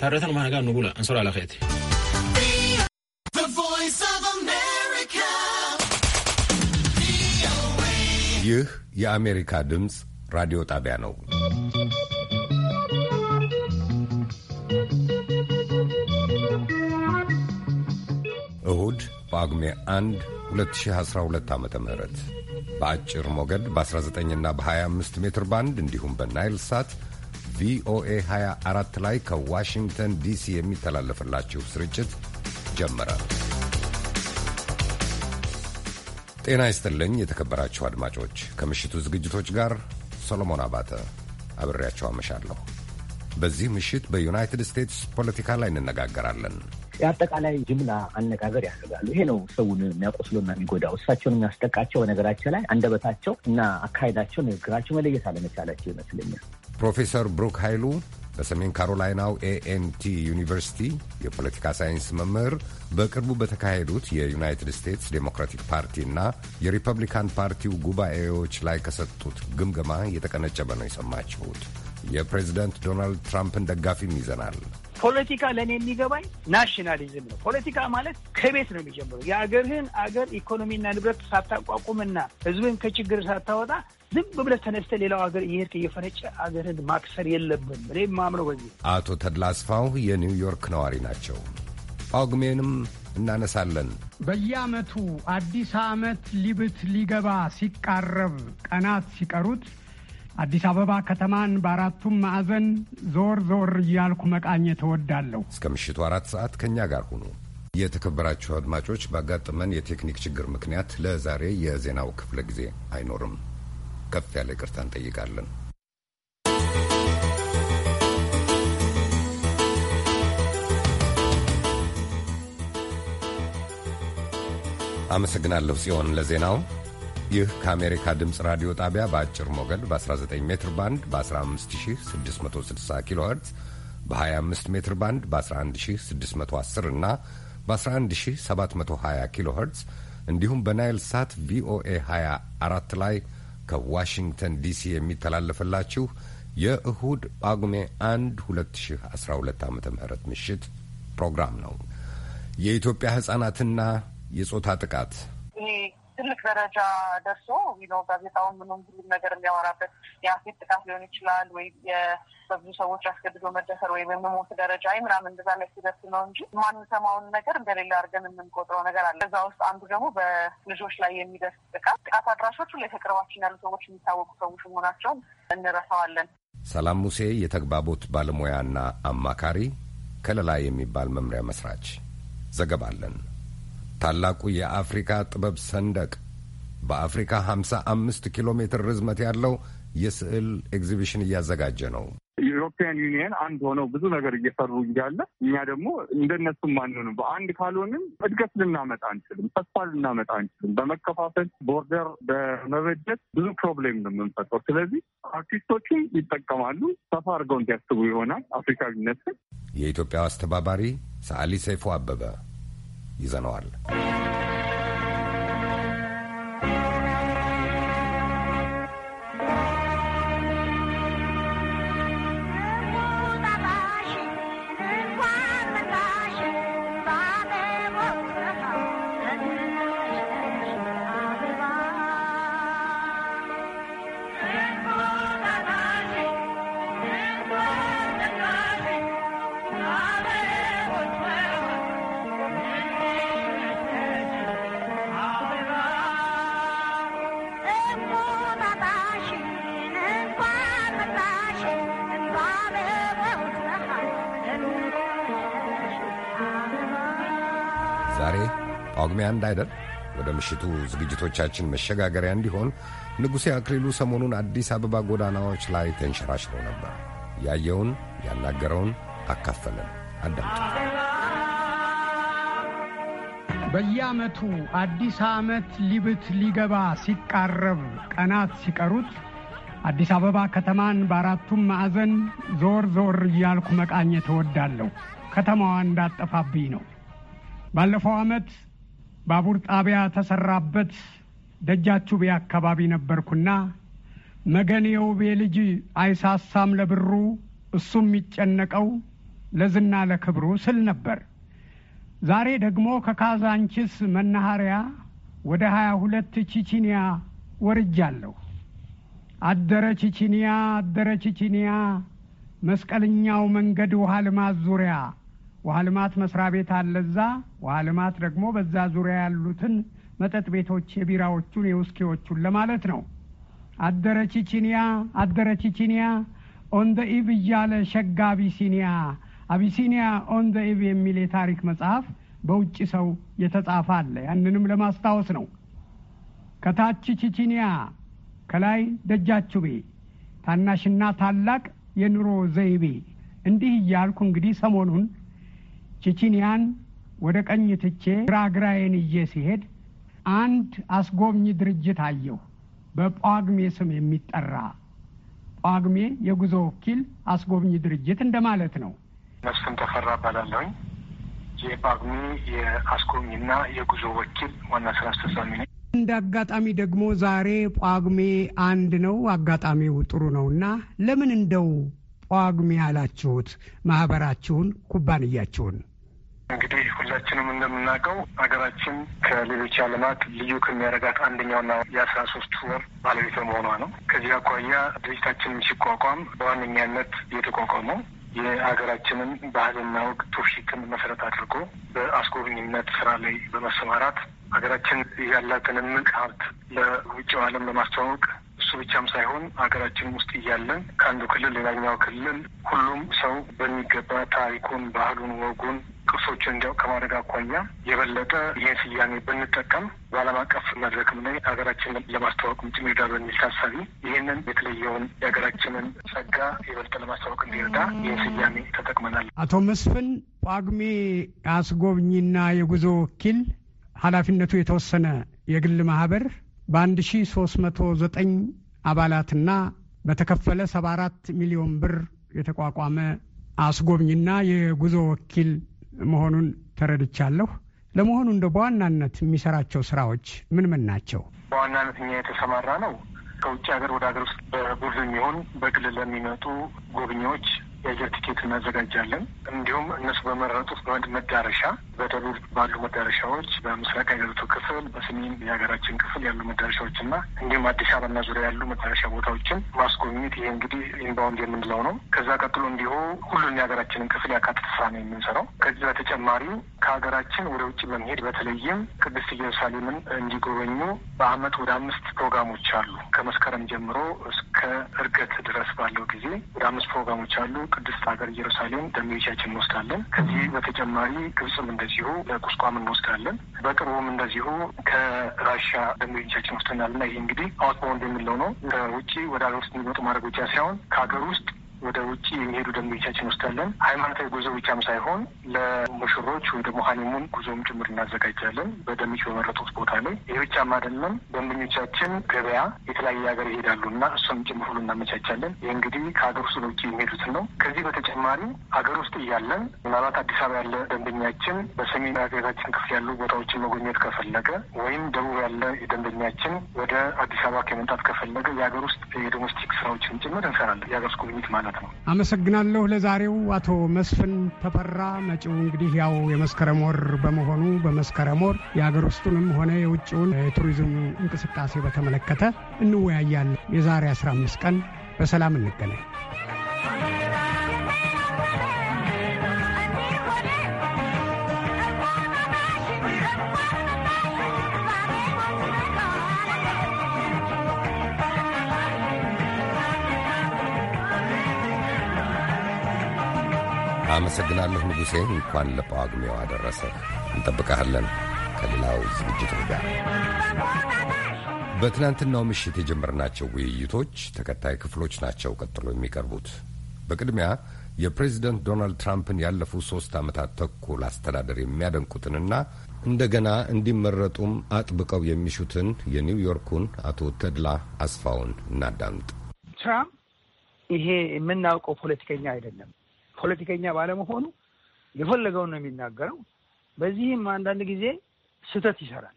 Taretan maanagaa ንጉላ እንሰራ alakeeti. ይህ የአሜሪካ ድምፅ ራዲዮ ጣቢያ ነው። እሁድ በጳጉሜ 1 2012 ዓ ም በአጭር ሞገድ በ19ና በ25 ሜትር ባንድ እንዲሁም በናይል ሳት ቪኦኤ 24 ላይ ከዋሽንግተን ዲሲ የሚተላለፍላችሁ ስርጭት ጀመረ። ጤና ይስጥልኝ የተከበራችሁ አድማጮች፣ ከምሽቱ ዝግጅቶች ጋር ሰሎሞን አባተ አብሬያቸው አመሻለሁ። በዚህ ምሽት በዩናይትድ ስቴትስ ፖለቲካ ላይ እንነጋገራለን። የአጠቃላይ ጅምላ አነጋገር ያደርጋሉ። ይሄ ነው ሰውን የሚያቆስሎና የሚጎዳው። እሳቸውን የሚያስጠቃቸው በነገራቸው ላይ አንደበታቸው እና አካሄዳቸው፣ ንግግራቸው መለየት አለመቻላቸው ይመስለኛል። ፕሮፌሰር ብሩክ ኃይሉ በሰሜን ካሮላይናው ኤኤንቲ ዩኒቨርሲቲ የፖለቲካ ሳይንስ መምህር በቅርቡ በተካሄዱት የዩናይትድ ስቴትስ ዴሞክራቲክ ፓርቲና የሪፐብሊካን ፓርቲው ጉባኤዎች ላይ ከሰጡት ግምገማ የተቀነጨበ ነው የሰማችሁት። የፕሬዚደንት ዶናልድ ትራምፕን ደጋፊም ይዘናል። ፖለቲካ ለእኔ የሚገባኝ ናሽናሊዝም ነው። ፖለቲካ ማለት ከቤት ነው የሚጀምረው። የአገርህን አገር ኢኮኖሚና ንብረት ሳታቋቁምና ህዝብን ከችግር ሳታወጣ ዝም ብለህ ተነስተህ ሌላው ሀገር እየሄድክ እየፈነጨ አገርህን ማክሰር የለብም። እኔ ማምነው በዚህ። አቶ ተድላ አስፋው የኒውዮርክ ነዋሪ ናቸው። ጳጉሜንም እናነሳለን። በየአመቱ አዲስ አመት ሊብት ሊገባ ሲቃረብ ቀናት ሲቀሩት አዲስ አበባ ከተማን በአራቱም ማዕዘን ዞር ዞር እያልኩ መቃኘት እወዳለሁ። እስከ ምሽቱ አራት ሰዓት ከእኛ ጋር ሁኑ። የተከበራችሁ አድማጮች፣ ባጋጠመን የቴክኒክ ችግር ምክንያት ለዛሬ የዜናው ክፍለ ጊዜ አይኖርም። ከፍ ያለ ይቅርታ እንጠይቃለን። አመሰግናለሁ ጽዮን ለዜናው። ይህ ከአሜሪካ ድምፅ ራዲዮ ጣቢያ በአጭር ሞገድ በ19 ሜትር ባንድ በ15660 ኪሎ ኸርትዝ በ25 ሜትር ባንድ በ11610 እና በ11720 ኪሎ ኸርትዝ እንዲሁም በናይል ሳት ቪኦኤ 24 ላይ ከዋሽንግተን ዲሲ የሚተላለፍላችሁ የእሁድ ጳጉሜ 1 2012 ዓ ም ምሽት ፕሮግራም ነው። የኢትዮጵያ ሕፃናትና የጾታ ጥቃት ትልቅ ደረጃ ደርሶ ነው ጋዜጣውን ምንም ሁሉም ነገር የሚያወራበት የአፌት ጥቃት ሊሆን ይችላል ወይ በብዙ ሰዎች አስገድዶ መደፈር ወይ በመሞት ደረጃ ይ ምናምን እንደዛ ላይ ሲደርስ ነው እንጂ ማንሰማውን ነገር እንደሌላ አድርገን የምንቆጥረው ነገር አለ። እዛ ውስጥ አንዱ ደግሞ በልጆች ላይ የሚደርስ ጥቃት ጥቃት አድራሾቹ ላይ ከቅርባችን ያሉ ሰዎች የሚታወቁ ሰዎች መሆናቸውን እንረሳዋለን። ሰላም ሙሴ የተግባቦት ባለሙያና አማካሪ፣ ከለላ የሚባል መምሪያ መስራች ዘገባለን። ታላቁ የአፍሪካ ጥበብ ሰንደቅ በአፍሪካ 55 ኪሎ ሜትር ርዝመት ያለው የስዕል ኤግዚቢሽን እያዘጋጀ ነው። የኢሮፒያን ዩኒየን አንድ ሆነው ብዙ ነገር እየሰሩ እያለ እኛ ደግሞ እንደነሱም ማንሆንም በአንድ ካልሆንም እድገት ልናመጣ አንችልም፣ ተስፋ ልናመጣ አንችልም። በመከፋፈል ቦርደር በመበጀት ብዙ ፕሮብሌም ነው የምንፈጠው። ስለዚህ አርቲስቶችን ይጠቀማሉ፣ ሰፋ አድርገው እንዲያስቡ ይሆናል አፍሪካዊነትን። የኢትዮጵያ አስተባባሪ ሰዓሊ ሰይፉ አበበ ይዘነዋል። ቅድሚያ እንዳይደር ወደ ምሽቱ ዝግጅቶቻችን መሸጋገሪያ እንዲሆን ንጉሴ አክሊሉ ሰሞኑን አዲስ አበባ ጎዳናዎች ላይ ተንሸራሽሮ ነበር። ያየውን ያናገረውን አካፈለን። አዳምጡ። በየዓመቱ አዲስ ዓመት ሊብት ሊገባ ሲቃረብ ቀናት ሲቀሩት አዲስ አበባ ከተማን በአራቱም ማዕዘን ዞር ዞር እያልኩ መቃኘት እወዳለሁ። ከተማዋ እንዳጠፋብኝ ነው። ባለፈው ዓመት ባቡር ጣቢያ ተሰራበት ደጃችሁ ቤ አካባቢ ነበርኩና መገን የውቤ ልጅ አይሳሳም ለብሩ እሱም የሚጨነቀው ለዝና ለክብሩ ስል ነበር። ዛሬ ደግሞ ከካዛንቺስ መናኸሪያ ወደ ሀያ ሁለት ቺቺኒያ ወርጃለሁ። አደረ ቺቺኒያ አደረ ቺቺኒያ መስቀልኛው መንገድ ውሃ ልማት ዙሪያ ውሃ ልማት መስሪያ ቤት አለ እዛ። ውሃ ልማት ደግሞ በዛ ዙሪያ ያሉትን መጠጥ ቤቶች የቢራዎቹን፣ የውስኪዎቹን ለማለት ነው። አደረ ቺቺኒያ አደረ ቺቺኒያ ኦን ኢቭ እያለ ሸጋ አቢሲኒያ አቢሲኒያ ኦን ኢቭ የሚል የታሪክ መጽሐፍ በውጭ ሰው የተጻፈ አለ። ያንንም ለማስታወስ ነው። ከታች ቺቺኒያ ከላይ ደጃችቤ ታናሽና ታላቅ የኑሮ ዘይቤ እንዲህ እያልኩ እንግዲህ ሰሞኑን ቺቺኒያን ወደ ቀኝ ትቼ ግራ ግራዬን ሲሄድ አንድ አስጎብኝ ድርጅት አየሁ። በጳግሜ ስም የሚጠራ ጳግሜ የጉዞ ወኪል አስጎብኝ ድርጅት እንደማለት ነው። መስፍን ተፈራ እባላለሁኝ። የጳጉሜ የአስጎብኝና የጉዞ ወኪል ዋና ስራ አስፈጻሚ ነኝ። እንደ አጋጣሚ ደግሞ ዛሬ ጳግሜ አንድ ነው። አጋጣሚው ጥሩ ነው እና ለምን እንደው ጳግሜ ያላችሁት ማህበራችሁን፣ ኩባንያችሁን እንግዲህ ሁላችንም እንደምናውቀው ሀገራችን ከሌሎች ዓለማት ልዩ ከሚያደርጋት አንደኛውና የአስራ ሶስት ወር ባለቤት መሆኗ ነው። ከዚህ አኳያ ድርጅታችንም ሲቋቋም በዋነኛነት የተቋቋመው የሀገራችንን ባህልና ወግ ትውፊትን መሰረት አድርጎ በአስጎብኝነት ስራ ላይ በመሰማራት ሀገራችን ያላትን እምቅ ሀብት ለውጭው ዓለም ለማስተዋወቅ እሱ ብቻም ሳይሆን ሀገራችን ውስጥ እያለን ከአንዱ ክልል ሌላኛው ክልል ሁሉም ሰው በሚገባ ታሪኩን፣ ባህሉን፣ ወጉን ቅርሶችን እንዲያው ከማድረግ አኳያ የበለጠ ይህን ስያሜ ብንጠቀም በዓለም አቀፍ መድረክም ላይ ሀገራችንን ለማስተዋወቅ ጭምር በሚል ታሳቢ ይህንን የተለየውን የሀገራችንን ጸጋ የበለጠ ለማስተዋወቅ እንዲረዳ ይህን ስያሜ ተጠቅመናል። አቶ መስፍን ጳጉሜ አስጎብኝና የጉዞ ወኪል ኃላፊነቱ የተወሰነ የግል ማህበር በ1309 አባላትና በተከፈለ 74 ሚሊዮን ብር የተቋቋመ አስጎብኝና የጉዞ ወኪል መሆኑን ተረድቻለሁ። ለመሆኑ እንደ በዋናነት የሚሰራቸው ስራዎች ምን ምን ናቸው? በዋናነት እኛ የተሰማራ ነው ከውጭ ሀገር ወደ ሀገር ውስጥ በቡድን ሆን በግል ለሚመጡ ጎብኚዎች የአየር ቲኬት እናዘጋጃለን። እንዲሁም እነሱ በመረጡት መዳረሻ በደቡብ ባሉ መዳረሻዎች፣ በምስራቅ ሀገሪቱ ክፍል፣ በሰሜን የሀገራችን ክፍል ያሉ መዳረሻዎች እና እንዲሁም አዲስ አበባና ዙሪያ ያሉ መዳረሻ ቦታዎችን ማስጎብኘት ይሄ እንግዲህ ኢንባውንድ የምንለው ነው። ከዛ ቀጥሎ እንዲሁ ሁሉን የሀገራችንን ክፍል ያካትት ስራ ነው የምንሰራው። ከዚህ በተጨማሪ ከሀገራችን ወደ ውጭ በመሄድ በተለይም ቅድስት ኢየሩሳሌምን እንዲጎበኙ በአመት ወደ አምስት ፕሮግራሞች አሉ። ከመስከረም ጀምሮ እስከ እርገት ድረስ ባለው ጊዜ ወደ አምስት ፕሮግራሞች አሉ። ቅድስት ሀገር ኢየሩሳሌም ደሚቻችን እንወስዳለን። ከዚህ በተጨማሪ ግብፅም እንደዚሁ ለቁስቋም እንወስዳለን። በቅርቡም እንደዚሁ ከራሻ ደሚቻችን ወስደናል እና ይህ እንግዲህ አውትባውንድ የሚለው ነው። ከውጭ ወደ ሀገር ውስጥ የሚመጡ ማድረግ ብቻ ሳይሆን ከሀገር ውስጥ ወደ ውጭ የሚሄዱ ደንበኞቻችን ውስጥ አለን። ሃይማኖታዊ ጉዞ ብቻም ሳይሆን ለሙሽሮች ወይ ደግሞ ሀኒሙን ጉዞም ጭምር እናዘጋጃለን በደንበኞች በመረጡት ቦታ ላይ። ይህ ብቻም አይደለም፣ ደንበኞቻችን ገበያ የተለያየ ሀገር ይሄዳሉ እና እሱም ጭምር ሁሉ እናመቻቻለን። ይህ እንግዲህ ከሀገር ውስጥ ለውጭ የሚሄዱትን ነው። ከዚህ በተጨማሪ ሀገር ውስጥ እያለን ምናልባት አዲስ አበባ ያለ ደንበኛችን በሰሜን ሀገራችን ክፍል ያሉ ቦታዎችን መጎብኘት ከፈለገ ወይም ደቡብ ያለ ደንበኛችን ወደ አዲስ አበባ ከመምጣት ከፈለገ የሀገር ውስጥ የዶሜስቲክ ስራዎችን ጭምር እንሰራለን። የሀገር ውስጥ ጉብኝት ማለት ማለት ነው። አመሰግናለሁ። ለዛሬው አቶ መስፍን ተፈራ፣ መጪው እንግዲህ ያው የመስከረም ወር በመሆኑ በመስከረም ወር የሀገር ውስጡንም ሆነ የውጭውን የቱሪዝም እንቅስቃሴ በተመለከተ እንወያያለን። የዛሬ 15 ቀን በሰላም እንገናኝ። አመሰግናለሁ ንጉሴ። እንኳን ለጳጉሜው አደረሰ። እንጠብቀሃለን ከሌላው ዝግጅት ጋር። በትናንትናው ምሽት የጀመርናቸው ውይይቶች ተከታይ ክፍሎች ናቸው ቀጥሎ የሚቀርቡት። በቅድሚያ የፕሬዚደንት ዶናልድ ትራምፕን ያለፉ ሶስት ዓመታት ተኩል አስተዳደር የሚያደንቁትንና እንደገና እንዲመረጡም አጥብቀው የሚሹትን የኒውዮርኩን አቶ ተድላ አስፋውን እናዳምጥ። ትራምፕ ይሄ የምናውቀው ፖለቲከኛ አይደለም። ፖለቲከኛ ባለመሆኑ የፈለገውን ነው የሚናገረው። በዚህም አንዳንድ ጊዜ ስህተት ይሰራል።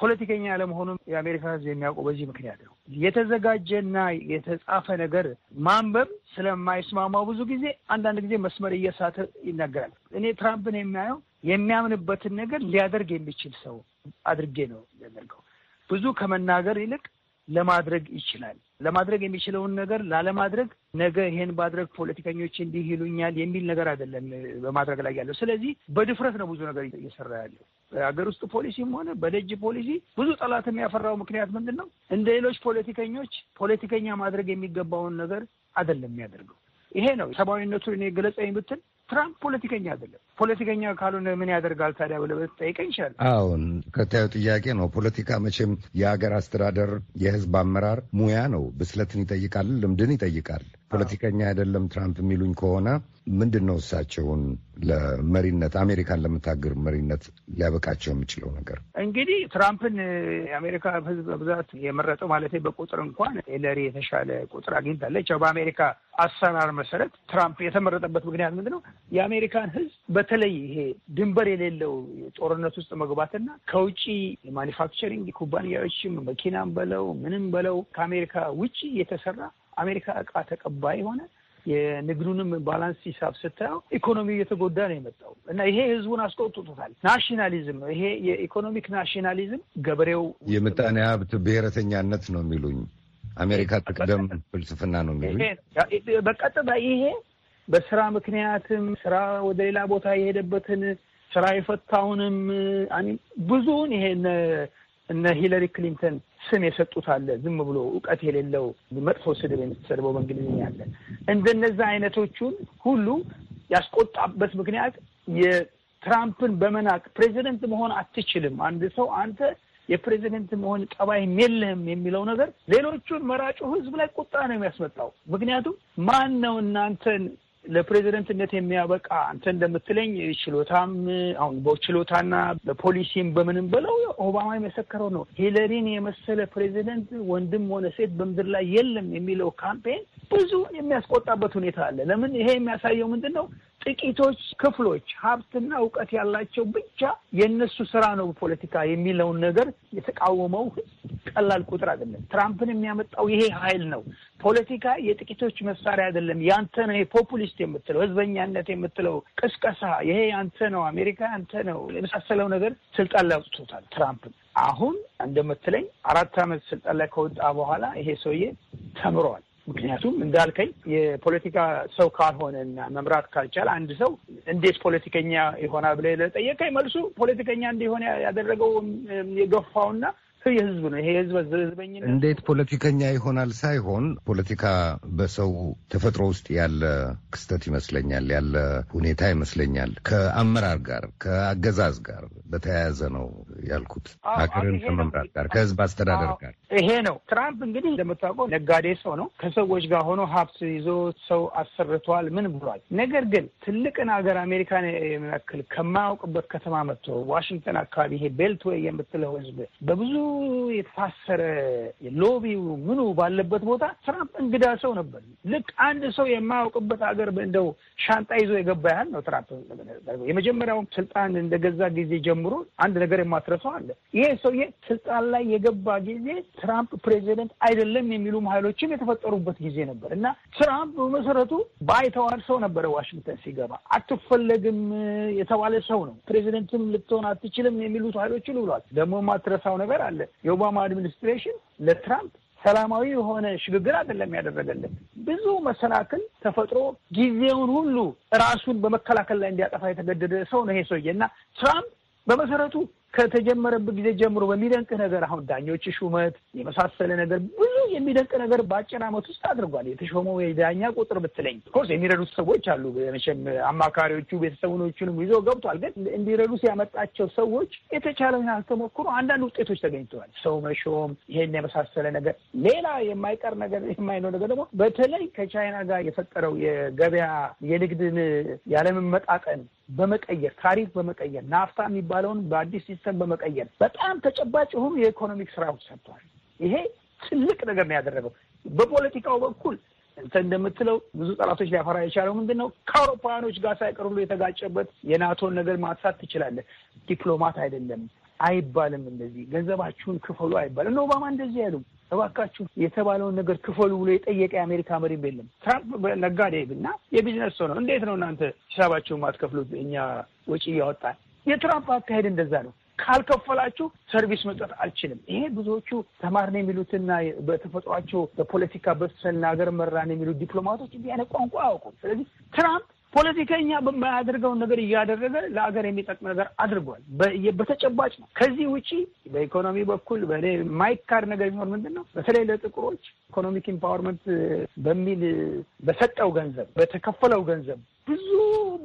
ፖለቲከኛ ያለመሆኑ የአሜሪካ ሕዝብ የሚያውቀው በዚህ ምክንያት ነው። የተዘጋጀና የተጻፈ ነገር ማንበብ ስለማይስማማው ብዙ ጊዜ አንዳንድ ጊዜ መስመር እየሳተ ይናገራል። እኔ ትራምፕን የሚያየው የሚያምንበትን ነገር ሊያደርግ የሚችል ሰው አድርጌ ነው የሚያደርገው። ብዙ ከመናገር ይልቅ ለማድረግ ይችላል። ለማድረግ የሚችለውን ነገር ላለማድረግ ነገ ይሄን ባድረግ ፖለቲከኞች እንዲህ ይሉኛል የሚል ነገር አይደለም በማድረግ ላይ ያለው። ስለዚህ በድፍረት ነው ብዙ ነገር እየሰራ ያለው። በሀገር ውስጥ ፖሊሲም ሆነ በደጅ ፖሊሲ ብዙ ጠላት የሚያፈራው ምክንያት ምንድን ነው? እንደ ሌሎች ፖለቲከኞች ፖለቲከኛ ማድረግ የሚገባውን ነገር አይደለም የሚያደርገው። ይሄ ነው ሰብአዊነቱ እኔ ገለጸኝ ብትል ትራምፕ ፖለቲከኛ አይደለም። ፖለቲከኛ ካልሆነ ምን ያደርጋል ታዲያ ብለህ ብትጠይቀኝ ይችላል። አሁን ከታዩ ጥያቄ ነው። ፖለቲካ መቼም የሀገር አስተዳደር፣ የህዝብ አመራር ሙያ ነው። ብስለትን ይጠይቃል፣ ልምድን ይጠይቃል። ፖለቲከኛ አይደለም ትራምፕ የሚሉኝ ከሆነ ምንድን ነው እሳቸውን ለመሪነት አሜሪካን ለምታገር መሪነት ሊያበቃቸው የሚችለው ነገር? እንግዲህ ትራምፕን የአሜሪካ ሕዝብ በብዛት የመረጠው ማለት በቁጥር እንኳን ሂለሪ የተሻለ ቁጥር አግኝታለች። ያው በአሜሪካ አሰራር መሰረት ትራምፕ የተመረጠበት ምክንያት ምንድን ነው? የአሜሪካን ሕዝብ በተለይ ይሄ ድንበር የሌለው ጦርነት ውስጥ መግባትና ከውጭ ማኒፋክቸሪንግ ኩባንያዎችም መኪናም በለው ምንም በለው ከአሜሪካ ውጭ የተሰራ አሜሪካ እቃ ተቀባይ ሆነ። የንግዱንም ባላንስ ሂሳብ ስታየው ኢኮኖሚ እየተጎዳ ነው የመጣው እና ይሄ ህዝቡን አስቆጥቶታል። ናሽናሊዝም ነው ይሄ የኢኮኖሚክ ናሽናሊዝም። ገበሬው የምጣኔ ሀብት ብሔረተኛነት ነው የሚሉኝ አሜሪካ ትቅደም ፍልስፍና ነው የሚሉኝ በቀጥታ ይሄ በስራ ምክንያትም ስራ ወደ ሌላ ቦታ የሄደበትን ስራ የፈታውንም ብዙውን ይሄ እነ ሂለሪ ክሊንተን ስም የሰጡት አለ። ዝም ብሎ እውቀት የሌለው መጥፎ ስድብ የምትሰድበው በእንግሊዝኛ አለ። እንደነዛ አይነቶቹን ሁሉ ያስቆጣበት ምክንያት የትራምፕን በመናቅ ፕሬዚደንት መሆን አትችልም፣ አንድ ሰው አንተ የፕሬዚደንት መሆን ጠባይም የለህም የሚለው ነገር ሌሎቹን መራጩ ህዝብ ላይ ቁጣ ነው የሚያስመጣው። ምክንያቱም ማን ነው እናንተን ለፕሬዚደንትነት የሚያበቃ አንተ እንደምትለኝ ችሎታም አሁን በችሎታና በፖሊሲም በምንም ብለው ኦባማ የመሰከረው ነው። ሂለሪን የመሰለ ፕሬዚደንት ወንድም ሆነ ሴት በምድር ላይ የለም የሚለው ካምፔን ብዙ የሚያስቆጣበት ሁኔታ አለ። ለምን? ይሄ የሚያሳየው ምንድን ነው? ጥቂቶች ክፍሎች ሀብትና እውቀት ያላቸው ብቻ የእነሱ ስራ ነው ፖለቲካ የሚለውን ነገር የተቃወመው ቀላል ቁጥር አይደለም። ትራምፕን የሚያመጣው ይሄ ኃይል ነው። ፖለቲካ የጥቂቶች መሳሪያ አይደለም። ያንተ ነው ፖፑሊስት የምትለው ህዝበኛነት የምትለው ቅስቀሳ፣ ይሄ ያንተ ነው፣ አሜሪካ ያንተ ነው የመሳሰለው ነገር ስልጣን ላይ አውጥቶታል ትራምፕን። አሁን እንደምትለኝ አራት ዓመት ስልጣን ላይ ከወጣ በኋላ ይሄ ሰውዬ ተምሯል። ምክንያቱም እንዳልከኝ የፖለቲካ ሰው ካልሆነ መምራት ካልቻል አንድ ሰው እንዴት ፖለቲከኛ ይሆናል ብለህ ለጠየቀኝ መልሱ ፖለቲከኛ እንዲሆን ያደረገው የገፋውና የህዝብ ነው። ይሄ ህዝብ ህዝበኝነት እንዴት ፖለቲከኛ ይሆናል ሳይሆን ፖለቲካ በሰው ተፈጥሮ ውስጥ ያለ ክስተት ይመስለኛል፣ ያለ ሁኔታ ይመስለኛል። ከአመራር ጋር ከአገዛዝ ጋር በተያያዘ ነው ያልኩት። ሀገርን ከመምራት ጋር ከህዝብ አስተዳደር ጋር ይሄ ነው። ትራምፕ እንግዲህ እንደምታውቀው ነጋዴ ሰው ነው። ከሰዎች ጋር ሆኖ ሀብት ይዞ ሰው አሰርተዋል ምን ብሏል። ነገር ግን ትልቅን ሀገር አሜሪካን የሚያክል ከማያውቅበት ከተማ መጥቶ ዋሽንግተን አካባቢ ይሄ ቤልትዌይ የምትለው ህዝብ በብዙ የታሰረ ሎቢው ምኑ ባለበት ቦታ ትራምፕ እንግዳ ሰው ነበር። ልክ አንድ ሰው የማያውቅበት ሀገር እንደው ሻንጣ ይዞ የገባ ያህል ነው። ትራምፕ የመጀመሪያውም ስልጣን እንደገዛ ጊዜ ጀምሮ አንድ ነገር የማትረሰው አለ። ይሄ ሰውዬ ስልጣን ላይ የገባ ጊዜ ትራምፕ ፕሬዚደንት አይደለም የሚሉም ሀይሎችም የተፈጠሩበት ጊዜ ነበር እና ትራምፕ በመሰረቱ ባይተዋር ሰው ነበረ። ዋሽንግተን ሲገባ አትፈለግም የተባለ ሰው ነው። ፕሬዚደንትም ልትሆን አትችልም የሚሉት ሀይሎች ብሏል። ደግሞ የማትረሳው ነገር አለ አደረገለት። የኦባማ አድሚኒስትሬሽን ለትራምፕ ሰላማዊ የሆነ ሽግግር አይደለም ያደረገለት። ብዙ መሰናክል ተፈጥሮ ጊዜውን ሁሉ ራሱን በመከላከል ላይ እንዲያጠፋ የተገደደ ሰው ነው ይሄ ሰውዬ እና ትራምፕ በመሰረቱ ከተጀመረበት ጊዜ ጀምሮ በሚደንቅህ ነገር አሁን ዳኞች ሹመት የመሳሰለ ነገር ብዙ የሚደንቅ ነገር በአጭር ዓመት ውስጥ አድርጓል። የተሾመው የዳኛ ቁጥር ብትለኝ ኮርስ የሚረዱት ሰዎች አሉ። መቼም አማካሪዎቹ ቤተሰቡኖቹንም ይዞ ገብቷል። ግን እንዲረዱ ሲያመጣቸው ሰዎች የተቻለ ያልተሞክሮ አንዳንድ ውጤቶች ተገኝተዋል። ሰው መሾም፣ ይሄን የመሳሰለ ነገር፣ ሌላ የማይቀር ነገር የማይነው ነገር ደግሞ በተለይ ከቻይና ጋር የፈጠረው የገበያ የንግድን ያለመመጣጠን በመቀየር ታሪፍ በመቀየር ናፍታ የሚባለውን በአዲስ ሲስተም በመቀየር በጣም ተጨባጭ የሆኑ የኢኮኖሚክ ስራዎች ሰርተዋል። ይሄ ትልቅ ነገር ነው ያደረገው። በፖለቲካው በኩል እንተ እንደምትለው ብዙ ጠላቶች ሊያፈራ የቻለው ምንድን ነው? ከአውሮፓውያኖች ጋር ሳይቀር የተጋጨበት የናቶን ነገር ማንሳት ትችላለህ። ዲፕሎማት አይደለም አይባልም። እንደዚህ ገንዘባችሁን ክፈሉ አይባልም። እነ ኦባማ እንደዚህ ያሉ እባካችሁ የተባለውን ነገር ክፈሉ ብሎ የጠየቀ የአሜሪካ መሪ የለም። ትራምፕ ነጋዴ እና የቢዝነስ ሰው ነው። እንዴት ነው እናንተ ሂሳባችሁን ማትከፍሉት? እኛ ወጪ እያወጣል። የትራምፕ አካሄድ እንደዛ ነው። ካልከፈላችሁ ሰርቪስ መስጠት አልችልም። ይሄ ብዙዎቹ ተማርን የሚሉትና በተፈጥሯቸው በፖለቲካ በተሰና ሀገር መራን የሚሉት ዲፕሎማቶች እንዲህ አይነት ቋንቋ አያውቁም። ስለዚህ ትራምፕ ፖለቲከኛ በማያደርገውን ነገር እያደረገ ለሀገር የሚጠቅም ነገር አድርጓል። በተጨባጭ ነው። ከዚህ ውጪ በኢኮኖሚ በኩል በእኔ የማይካድ ነገር ቢኖር ምንድን ነው፣ በተለይ ለጥቁሮች ኢኮኖሚክ ኢምፓወርመንት በሚል በሰጠው ገንዘብ በተከፈለው ገንዘብ ብዙ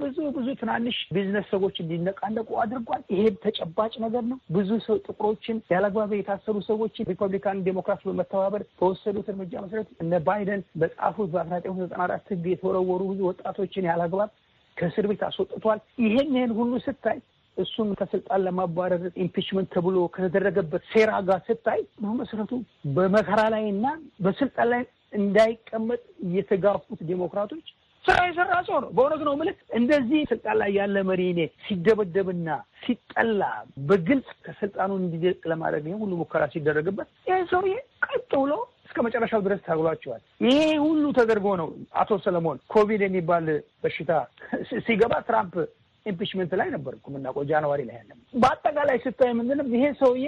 ብዙ ብዙ ትናንሽ ቢዝነስ ሰዎች እንዲነቃነቁ አድርጓል። ይሄ ተጨባጭ ነገር ነው። ብዙ ሰው ጥቁሮችን ያለአግባብ የታሰሩ ሰዎችን ሪፐብሊካን ዴሞክራት በመተባበር በወሰዱት እርምጃ መሰረት እነ ባይደን በጻፉት በአስራ ዘጠኝ ዘጠና አራት ህግ የተወረወሩ ብዙ ወጣቶችን ያለአግባብ ከእስር ቤት አስወጥቷል። ይሄን ይህን ሁሉ ስታይ እሱን ከስልጣን ለማባረር ኢምፒችመንት ተብሎ ከተደረገበት ሴራ ጋር ስታይ በመሰረቱ በመከራ ላይ እና በስልጣን ላይ እንዳይቀመጥ የተጋፉት ዴሞክራቶች ስራ የሰራ ሰው ነው። በእውነት ነው የምልህ። እንደዚህ ስልጣን ላይ ያለ መሪ እኔ ሲደበደብና ሲጠላ በግልጽ ከስልጣኑ እንዲለቅ ለማድረግ ይህ ሁሉ ሙከራ ሲደረግበት ይህ ሰውዬ ቀጥ ብሎ እስከ መጨረሻው ድረስ ታግሏቸዋል። ይሄ ሁሉ ተደርጎ ነው አቶ ሰለሞን ኮቪድ የሚባል በሽታ ሲገባ ትራምፕ ኢምፒችመንት ላይ ነበር እኮ የምናውቀው ጃንዋሪ ላይ ያለ። በአጠቃላይ ስታይ ምንድነው ይሄ ሰውዬ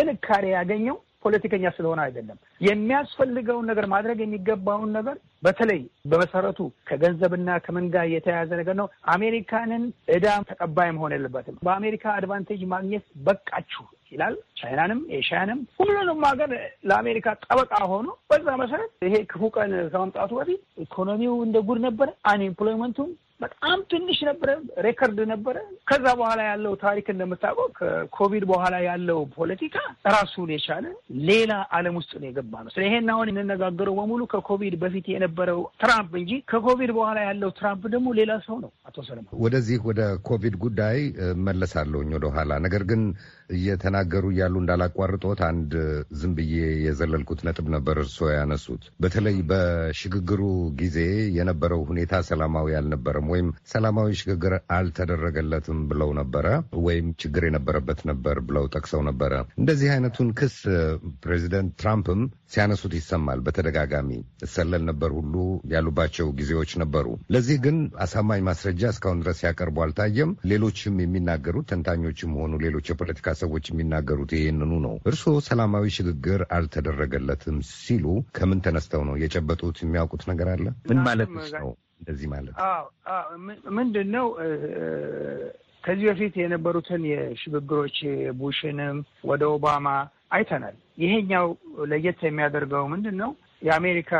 ጥንካሬ ያገኘው ፖለቲከኛ ስለሆነ አይደለም። የሚያስፈልገውን ነገር ማድረግ የሚገባውን ነገር በተለይ በመሰረቱ ከገንዘብና ከመንጋ የተያያዘ ነገር ነው። አሜሪካንን እዳም ተቀባይ መሆን የለበትም። በአሜሪካ አድቫንቴጅ ማግኘት በቃችሁ ይላል። ቻይናንም ኤሽያንም ሁሉንም ሀገር ለአሜሪካ ጠበቃ ሆኖ በዛ መሰረት ይሄ ክፉ ቀን ከመምጣቱ በፊት ኢኮኖሚው እንደ ጉድ ነበረ። አንኤምፕሎይመንቱም በጣም ትንሽ ነበረ፣ ሬከርድ ነበረ። ከዛ በኋላ ያለው ታሪክ እንደምታውቀው ከኮቪድ በኋላ ያለው ፖለቲካ ራሱን የቻለ ሌላ ዓለም ውስጥ ነው የገባ ነው። ስለ ይሄን አሁን የምንነጋገረው በሙሉ ከኮቪድ በፊት የነበረው ትራምፕ እንጂ ከኮቪድ በኋላ ያለው ትራምፕ ደግሞ ሌላ ሰው ነው። አቶ ሰለማ፣ ወደዚህ ወደ ኮቪድ ጉዳይ መለሳለሁኝ ወደኋላ ነገር ግን እየተናገሩ እያሉ እንዳላቋርጦት አንድ ዝም ብዬ የዘለልኩት ነጥብ ነበር እርስዎ ያነሱት። በተለይ በሽግግሩ ጊዜ የነበረው ሁኔታ ሰላማዊ አልነበረም ወይም ሰላማዊ ሽግግር አልተደረገለትም ብለው ነበረ ወይም ችግር የነበረበት ነበር ብለው ጠቅሰው ነበረ። እንደዚህ አይነቱን ክስ ፕሬዚደንት ትራምፕም ሲያነሱት ይሰማል በተደጋጋሚ እሰለል ነበር ሁሉ ያሉባቸው ጊዜዎች ነበሩ። ለዚህ ግን አሳማኝ ማስረጃ እስካሁን ድረስ ያቀርቡ አልታየም። ሌሎችም የሚናገሩት ተንታኞችም ሆኑ ሌሎች የፖለቲካ ሰዎች የሚናገሩት ይህንኑ ነው። እርስዎ ሰላማዊ ሽግግር አልተደረገለትም ሲሉ ከምን ተነስተው ነው የጨበጡት? የሚያውቁት ነገር አለ? ምን ማለት ነው እንደዚህ ማለት? ምንድን ነው ከዚህ በፊት የነበሩትን የሽግግሮች ቡሽንም ወደ ኦባማ አይተናል። ይሄኛው ለየት የሚያደርገው ምንድን ነው? የአሜሪካ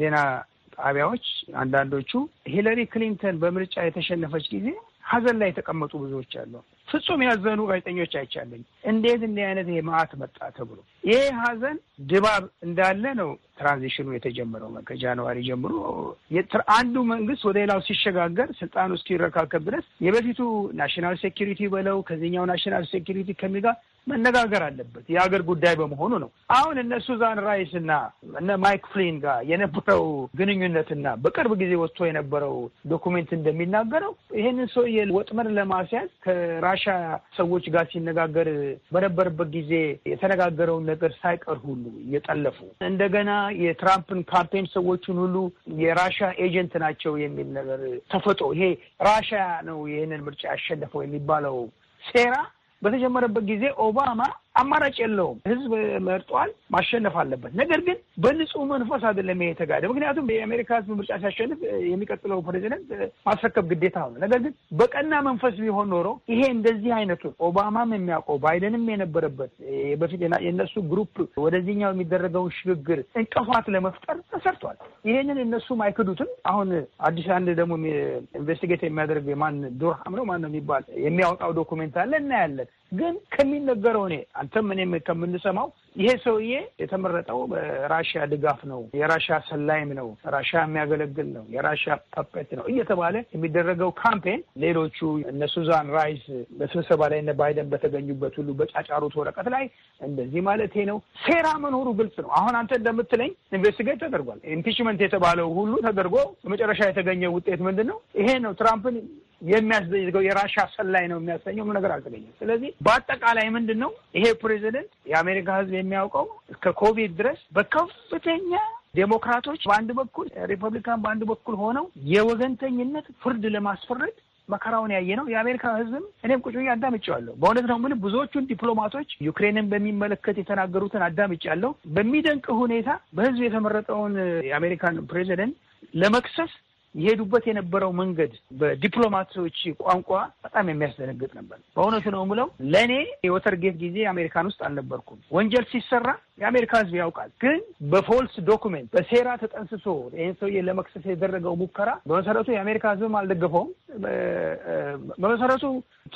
ዜና ጣቢያዎች አንዳንዶቹ ሂለሪ ክሊንተን በምርጫ የተሸነፈች ጊዜ ሀዘን ላይ የተቀመጡ ብዙዎች አሉ። ፍጹም ያዘኑ ጋዜጠኞች አይቻለኝ። እንዴት እንዲህ አይነት ይሄ መጣ ተብሎ ይሄ ሀዘን ድባብ እንዳለ ነው ትራንዚሽኑ የተጀመረው ከጃንዋሪ ጀምሮ አንዱ መንግስት ወደ ሌላው ሲሸጋገር ስልጣኑ እስኪረካከብ ድረስ የበፊቱ ናሽናል ሴኪሪቲ በለው ከዚህኛው ናሽናል ሴኪሪቲ ከሚጋ መነጋገር አለበት የሀገር ጉዳይ በመሆኑ ነው። አሁን እነ ሱዛን ራይስ እና እነ ማይክ ፍሊን ጋር የነበረው ግንኙነትና በቅርብ ጊዜ ወጥቶ የነበረው ዶኩሜንት እንደሚናገረው ይህንን ሰውዬ ወጥመድ ለማስያዝ ከራ ከራሻ ሰዎች ጋር ሲነጋገር በነበረበት ጊዜ የተነጋገረውን ነገር ሳይቀር ሁሉ እየጠለፉ እንደገና የትራምፕን ካምፔን ሰዎችን ሁሉ የራሻ ኤጀንት ናቸው የሚል ነገር ተፈጦ ይሄ ራሻ ነው ይህንን ምርጫ ያሸነፈው የሚባለው ሴራ በተጀመረበት ጊዜ ኦባማ አማራጭ የለውም። ህዝብ መርጧል፣ ማሸነፍ አለበት። ነገር ግን በንጹህ መንፈስ አይደለም ይሄ የተጋደ። ምክንያቱም የአሜሪካ ህዝብ ምርጫ ሲያሸንፍ የሚቀጥለው ፕሬዚደንት ማስረከብ ግዴታ ነው። ነገር ግን በቀና መንፈስ ቢሆን ኖሮ ይሄ እንደዚህ አይነቱን ኦባማም የሚያውቀው ባይደንም የነበረበት በፊት የእነሱ ግሩፕ ወደዚህኛው የሚደረገውን ሽግግር እንቅፋት ለመፍጠር ተሰርቷል። ይሄንን እነሱም አይክዱትም። አሁን አዲስ አንድ ደግሞ ኢንቨስቲጌት የሚያደርግ የማን ዱርሃም ነው ማን ነው የሚባል የሚያወጣው ዶኩሜንት አለ እናያለን። ግን ከሚነገረው እኔ አንተም እኔም ከምንሰማው ይሄ ሰውዬ የተመረጠው በራሽያ ድጋፍ ነው፣ የራሽያ ሰላይም ነው፣ ራሽያ የሚያገለግል ነው፣ የራሽያ ፐፔት ነው እየተባለ የሚደረገው ካምፔን ሌሎቹ እነ ሱዛን ራይስ በስብሰባ ላይ እነ ባይደን በተገኙበት ሁሉ በጫጫሩት ወረቀት ላይ እንደዚህ ማለት ነው። ሴራ መኖሩ ግልጽ ነው። አሁን አንተ እንደምትለኝ ኢንቨስቲጌት ተደርጓል። ኢምፒችመንት የተባለው ሁሉ ተደርጎ በመጨረሻ የተገኘ ውጤት ምንድን ነው? ይሄ ነው ትራምፕን የሚያስደገው የራሻ ሰላይ ነው የሚያሰኘው ነገር አልተገኘም። ስለዚህ በአጠቃላይ ምንድን ነው ይሄ ፕሬዚደንት የአሜሪካ ህዝብ እንደሚያውቀው እስከ ኮቪድ ድረስ በከፍተኛ ዴሞክራቶች በአንድ በኩል ሪፐብሊካን በአንድ በኩል ሆነው የወገንተኝነት ፍርድ ለማስፈረድ መከራውን ያየ ነው። የአሜሪካ ሕዝብም እኔም ቁጭ ብዬ አዳምጫለሁ። በእውነት ነው የምልህ ብዙዎቹን ዲፕሎማቶች ዩክሬንን በሚመለከት የተናገሩትን አዳምጫለሁ። በሚደንቅ ሁኔታ በሕዝብ የተመረጠውን የአሜሪካን ፕሬዚደንት ለመክሰስ የሄዱበት የነበረው መንገድ በዲፕሎማቶች ቋንቋ በጣም የሚያስደነግጥ ነበር። በእውነቱ ነው ምለው። ለእኔ የወተርጌት ጊዜ አሜሪካን ውስጥ አልነበርኩም። ወንጀል ሲሰራ የአሜሪካ ሕዝብ ያውቃል። ግን በፎልስ ዶኩሜንት በሴራ ተጠንስሶ ይህን ሰውዬ ለመክሰስ የደረገው ሙከራ በመሰረቱ የአሜሪካ ሕዝብም አልደገፈውም። በመሰረቱ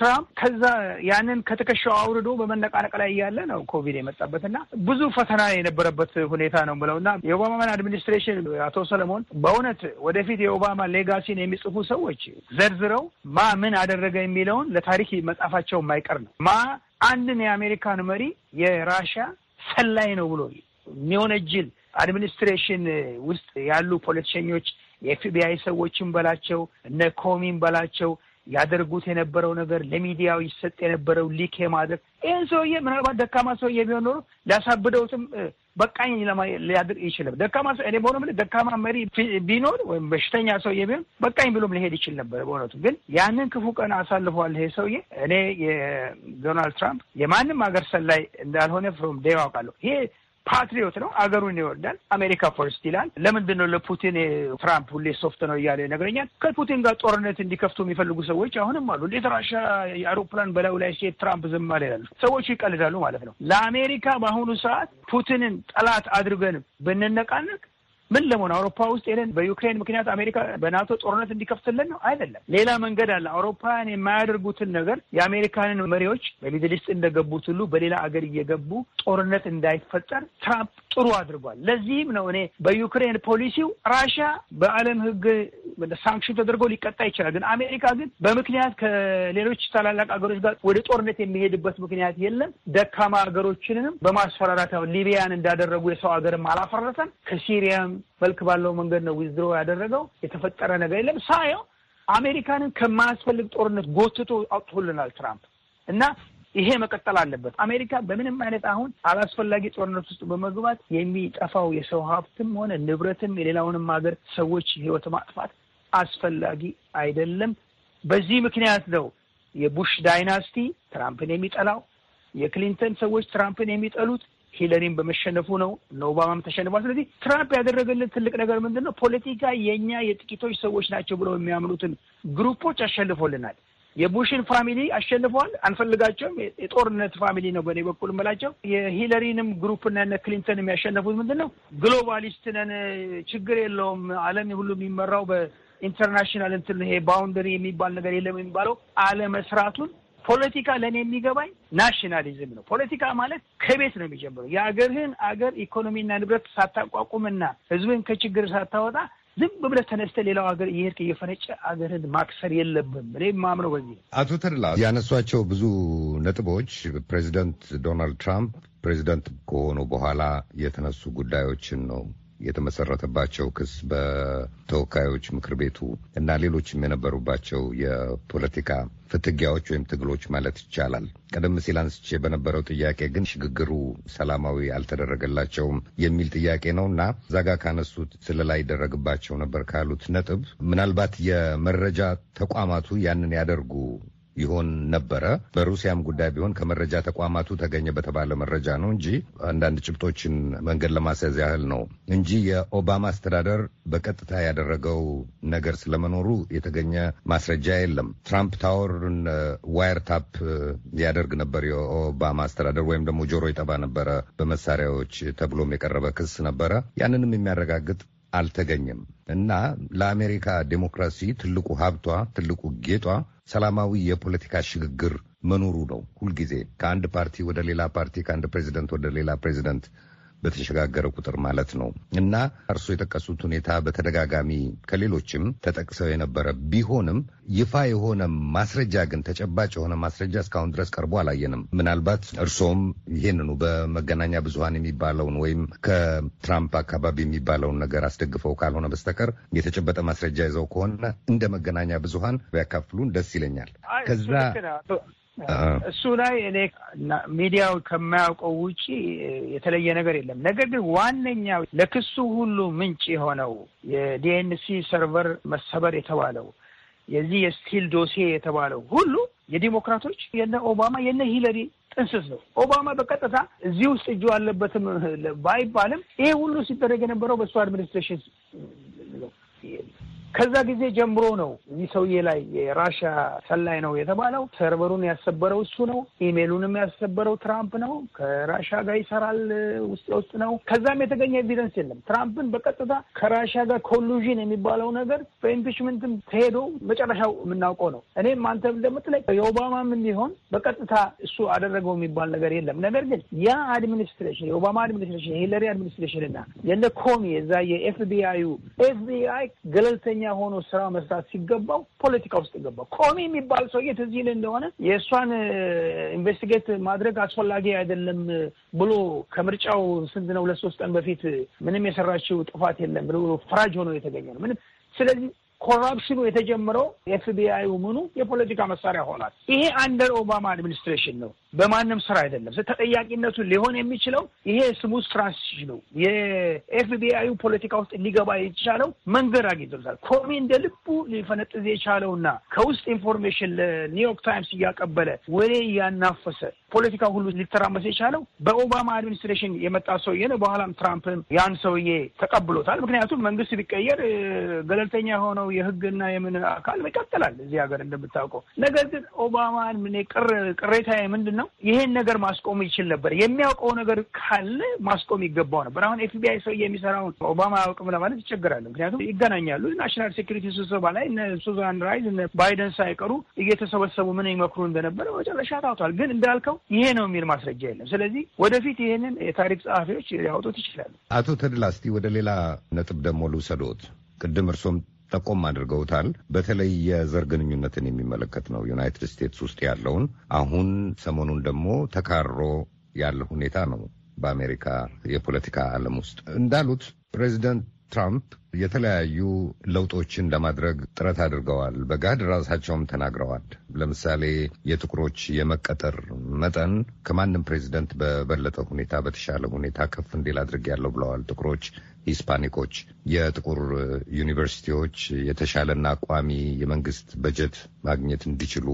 ትራምፕ ከዛ ያንን ከትከሻው አውርዶ በመነቃነቅ ላይ እያለ ነው ኮቪድ የመጣበት እና ብዙ ፈተና የነበረበት ሁኔታ ነው ብለው እና የኦባማን አድሚኒስትሬሽን አቶ ሰለሞን በእውነት ወደፊት የኦባማ ሌጋሲን የሚጽፉ ሰዎች ዘርዝረው ማ ምን አደረገ የሚለውን ለታሪክ መጻፋቸው የማይቀር ነው። ማ አንድን የአሜሪካን መሪ የራሽያ ሰላይ ነው ብሎ የሚወነጅል አድሚኒስትሬሽን ውስጥ ያሉ ፖለቲሸኞች የኤፍቢአይ ሰዎችን በላቸው እነ ኮሚን በላቸው ያደርጉት የነበረው ነገር ለሚዲያው ይሰጥ የነበረው ሊክ የማድረግ ይህን ሰውዬ ምናልባት ደካማ ሰውዬ ቢሆን ኖሮ ሊያሳብደውትም በቃኝ ሊያድር ይችልም። ደካማ ሰው እኔ በሆነ ደካማ መሪ ቢኖር ወይም በሽተኛ ሰው የሚሆን በቃኝ ብሎም ሊሄድ ይችል ነበር። በእውነቱ ግን ያንን ክፉ ቀን አሳልፏል ይሄ ሰውዬ። እኔ የዶናልድ ትራምፕ የማንም ሀገር ሰላይ እንዳልሆነ ፍሮም ዴ አውቃለሁ። ይሄ ፓትሪዮት ነው። አገሩን ይወዳል። አሜሪካ ፈርስት ይላል። ለምንድን ነው ለፑቲን ትራምፕ ሁሌ ሶፍት ነው እያለ ይነግረኛል። ከፑቲን ጋር ጦርነት እንዲከፍቱ የሚፈልጉ ሰዎች አሁንም አሉ። እንዴት ራሻ የአውሮፕላን በላዩ ላይ ሴት ትራምፕ ዝም አለ ይላሉ። ሰዎቹ ይቀልዳሉ ማለት ነው። ለአሜሪካ በአሁኑ ሰዓት ፑቲንን ጠላት አድርገን ብንነቃነቅ ምን ለመሆን አውሮፓ ውስጥ ይሄንን በዩክሬን ምክንያት አሜሪካ በናቶ ጦርነት እንዲከፍትልን ነው? አይደለም። ሌላ መንገድ አለ። አውሮፓውያን የማያደርጉትን ነገር የአሜሪካንን መሪዎች በሚድል ኢስት እንደገቡት ሁሉ በሌላ አገር እየገቡ ጦርነት እንዳይፈጠር ትራምፕ ጥሩ አድርጓል። ለዚህም ነው እኔ በዩክሬን ፖሊሲው ራሽያ በዓለም ህግ ሳንክሽን ተደርጎ ሊቀጣ ይችላል። ግን አሜሪካ ግን በምክንያት ከሌሎች ታላላቅ ሀገሮች ጋር ወደ ጦርነት የሚሄድበት ምክንያት የለም። ደካማ ሀገሮችንም በማስፈራራት ሊቢያን እንዳደረጉ የሰው ሀገርም አላፈረሰም። ከሲሪያም መልክ ባለው መንገድ ነው ዊዝድሮ ያደረገው። የተፈጠረ ነገር የለም ሳየው አሜሪካንን ከማያስፈልግ ጦርነት ጎትቶ አውጥቶልናል ትራምፕ እና ይሄ መቀጠል አለበት። አሜሪካ በምንም አይነት አሁን አላስፈላጊ ጦርነት ውስጥ በመግባት የሚጠፋው የሰው ሀብትም ሆነ ንብረትም የሌላውንም ሀገር ሰዎች ህይወት ማጥፋት አስፈላጊ አይደለም። በዚህ ምክንያት ነው የቡሽ ዳይናስቲ ትራምፕን የሚጠላው፣ የክሊንተን ሰዎች ትራምፕን የሚጠሉት ሂለሪን በመሸነፉ ነው። ኦባማም ተሸንፏል። ስለዚህ ትራምፕ ያደረገልን ትልቅ ነገር ምንድን ነው? ፖለቲካ የእኛ የጥቂቶች ሰዎች ናቸው ብለው የሚያምኑትን ግሩፖች አሸንፎልናል። የቡሽን ፋሚሊ አሸንፏል። አንፈልጋቸውም፣ የጦርነት ፋሚሊ ነው በእኔ በኩል እምላቸው። የሂለሪንም ግሩፕና ነ ክሊንተን የሚያሸነፉት ምንድን ነው? ግሎባሊስት ነን፣ ችግር የለውም፣ ዓለም ሁሉ የሚመራው በኢንተርናሽናል እንትን ይሄ ባውንደሪ የሚባል ነገር የለም የሚባለው አለመስራቱን ፖለቲካ ለእኔ የሚገባኝ ናሽናሊዝም ነው። ፖለቲካ ማለት ከቤት ነው የሚጀምረው። የአገርህን አገር ኢኮኖሚና ንብረት ሳታቋቁምና ህዝብን ከችግር ሳታወጣ ዝም ብለህ ተነስተህ ሌላው ሀገር እየሄድክ እየፈነጨ አገርን ማክሰር የለብም። እኔ ማምነው በዚህ አቶ ተድላ ያነሷቸው ብዙ ነጥቦች ፕሬዚደንት ዶናልድ ትራምፕ ፕሬዚደንት ከሆኑ በኋላ የተነሱ ጉዳዮችን ነው የተመሰረተባቸው ክስ በተወካዮች ምክር ቤቱ እና ሌሎችም የነበሩባቸው የፖለቲካ ፍትጊያዎች ወይም ትግሎች ማለት ይቻላል። ቀደም ሲል አንስቼ በነበረው ጥያቄ ግን ሽግግሩ ሰላማዊ አልተደረገላቸውም የሚል ጥያቄ ነው እና ጋር ካነሱት ስለላ ይደረግባቸው ነበር ካሉት ነጥብ ምናልባት የመረጃ ተቋማቱ ያንን ያደርጉ ይሆን ነበረ። በሩሲያም ጉዳይ ቢሆን ከመረጃ ተቋማቱ ተገኘ በተባለ መረጃ ነው እንጂ አንዳንድ ጭብጦችን መንገድ ለማስያዝ ያህል ነው እንጂ የኦባማ አስተዳደር በቀጥታ ያደረገው ነገር ስለመኖሩ የተገኘ ማስረጃ የለም። ትራምፕ ታወርን ዋየር ታፕ ያደርግ ነበር የኦባማ አስተዳደር ወይም ደግሞ ጆሮ ይጠባ ነበረ በመሳሪያዎች ተብሎም የቀረበ ክስ ነበረ። ያንንም የሚያረጋግጥ አልተገኘም እና ለአሜሪካ ዴሞክራሲ ትልቁ ሀብቷ፣ ትልቁ ጌጧ ሰላማዊ የፖለቲካ ሽግግር መኖሩ ነው። ሁልጊዜ ከአንድ ፓርቲ ወደ ሌላ ፓርቲ፣ ከአንድ ፕሬዚደንት ወደ ሌላ ፕሬዚደንት በተሸጋገረ ቁጥር ማለት ነው እና እርሶ የጠቀሱት ሁኔታ በተደጋጋሚ ከሌሎችም ተጠቅሰው የነበረ ቢሆንም ይፋ የሆነ ማስረጃ ግን ተጨባጭ የሆነ ማስረጃ እስካሁን ድረስ ቀርቦ አላየንም። ምናልባት እርሶም ይህንኑ በመገናኛ ብዙኃን የሚባለውን ወይም ከትራምፕ አካባቢ የሚባለውን ነገር አስደግፈው ካልሆነ በስተቀር የተጨበጠ ማስረጃ ይዘው ከሆነ እንደ መገናኛ ብዙኃን ቢያካፍሉን ደስ ይለኛል። ከዛ እሱ ላይ እኔ ሚዲያው ከማያውቀው ውጪ የተለየ ነገር የለም። ነገር ግን ዋነኛው ለክሱ ሁሉ ምንጭ የሆነው የዲኤንሲ ሰርቨር መሰበር የተባለው የዚህ የስቲል ዶሴ የተባለው ሁሉ የዲሞክራቶች የነ ኦባማ የነ ሂለሪ ጥንስስ ነው። ኦባማ በቀጥታ እዚህ ውስጥ እጁ አለበትም ባይባልም ይሄ ሁሉ ሲደረግ የነበረው በሱ አድሚኒስትሬሽን ከዛ ጊዜ ጀምሮ ነው እዚህ ሰውዬ ላይ የራሻ ሰላይ ነው የተባለው። ሰርቨሩን ያሰበረው እሱ ነው። ኢሜሉንም ያሰበረው ትራምፕ ነው። ከራሻ ጋር ይሰራል ውስጥ ለውስጥ ነው። ከዛም የተገኘ ኤቪደንስ የለም። ትራምፕን በቀጥታ ከራሻ ጋር ኮሉዥን የሚባለው ነገር በኢምፒችመንትም ተሄዶ መጨረሻው የምናውቀው ነው። እኔም አንተ እንደምትለኝ የኦባማም ቢሆን በቀጥታ እሱ አደረገው የሚባል ነገር የለም። ነገር ግን ያ አድሚኒስትሬሽን የኦባማ አድሚኒስትሬሽን የሂለሪ አድሚኒስትሬሽን እና የነ ኮሚ የዛ የኤፍቢአዩ ኤፍቢአይ ገለልተኛ ጋዜጠኛ ሆኖ ስራ መስራት ሲገባው ፖለቲካ ውስጥ ገባ። ኮሚ የሚባል ሰውዬ ትዝ ይልህ እንደሆነ የእሷን ኢንቨስቲጌት ማድረግ አስፈላጊ አይደለም ብሎ ከምርጫው ስንት ነው ሁለት ሶስት ቀን በፊት ምንም የሰራችው ጥፋት የለም ብሎ ፈራጅ ሆኖ የተገኘ ነው። ምንም ስለዚህ ኮራፕሽኑ የተጀመረው ኤፍቢአይ ምኑ የፖለቲካ መሳሪያ ሆኗል። ይሄ አንደር ኦባማ አድሚኒስትሬሽን ነው። በማንም ስራ አይደለም። ተጠያቂነቱ ሊሆን የሚችለው ይሄ ስሙዝ ትራንሲሽን ነው። የኤፍቢአዩ ፖለቲካ ውስጥ ሊገባ የቻለው መንገድ አግኝቶታል። ኮሚ እንደ ልቡ ሊፈነጥዝ የቻለውና ከውስጥ ኢንፎርሜሽን ለኒውዮርክ ታይምስ እያቀበለ ወሬ እያናፈሰ ፖለቲካ ሁሉ ሊተራመስ የቻለው በኦባማ አድሚኒስትሬሽን የመጣ ሰውዬ ነው። በኋላም ትራምፕም ያን ሰውዬ ተቀብሎታል። ምክንያቱም መንግስት ቢቀየር ገለልተኛ የሆነው የህግና የምን አካል ይቀጥላል እዚህ ሀገር እንደምታውቀው። ነገር ግን ኦባማን ቅሬታ ምንድን ነው። ይሄን ነገር ማስቆም ይችል ነበር። የሚያውቀው ነገር ካለ ማስቆም ይገባው ነበር። አሁን ኤፍቢአይ ሰው የሚሰራውን ኦባማ አያውቅም ለማለት ይቸገራል። ምክንያቱም ይገናኛሉ። ናሽናል ሴኩሪቲ ስብሰባ ላይ እነ ሱዛን ራይዝ እነ ባይደን ሳይቀሩ እየተሰበሰቡ ምን ይመክሩ እንደነበረ መጨረሻ ታውቷል። ግን እንዳልከው ይሄ ነው የሚል ማስረጃ የለም። ስለዚህ ወደፊት ይሄንን የታሪክ ጸሐፊዎች ሊያወጡት ይችላሉ። አቶ ተድላ እስቲ ወደ ሌላ ነጥብ ደግሞ ልውሰዶት ቅድም እርሶም ጠቆም አድርገውታል። በተለይ የዘር ግንኙነትን የሚመለከት ነው ዩናይትድ ስቴትስ ውስጥ ያለውን። አሁን ሰሞኑን ደግሞ ተካሮ ያለ ሁኔታ ነው በአሜሪካ የፖለቲካ ዓለም ውስጥ እንዳሉት ፕሬዚደንት ትራምፕ የተለያዩ ለውጦችን ለማድረግ ጥረት አድርገዋል። በጋድ ራሳቸውም ተናግረዋል። ለምሳሌ የጥቁሮች የመቀጠር መጠን ከማንም ፕሬዚደንት በበለጠ ሁኔታ በተሻለ ሁኔታ ከፍ እንዲል ያለው ብለዋል። ጥቁሮች ሂስፓኒኮች የጥቁር ዩኒቨርሲቲዎች የተሻለና ቋሚ የመንግስት በጀት ማግኘት እንዲችሉ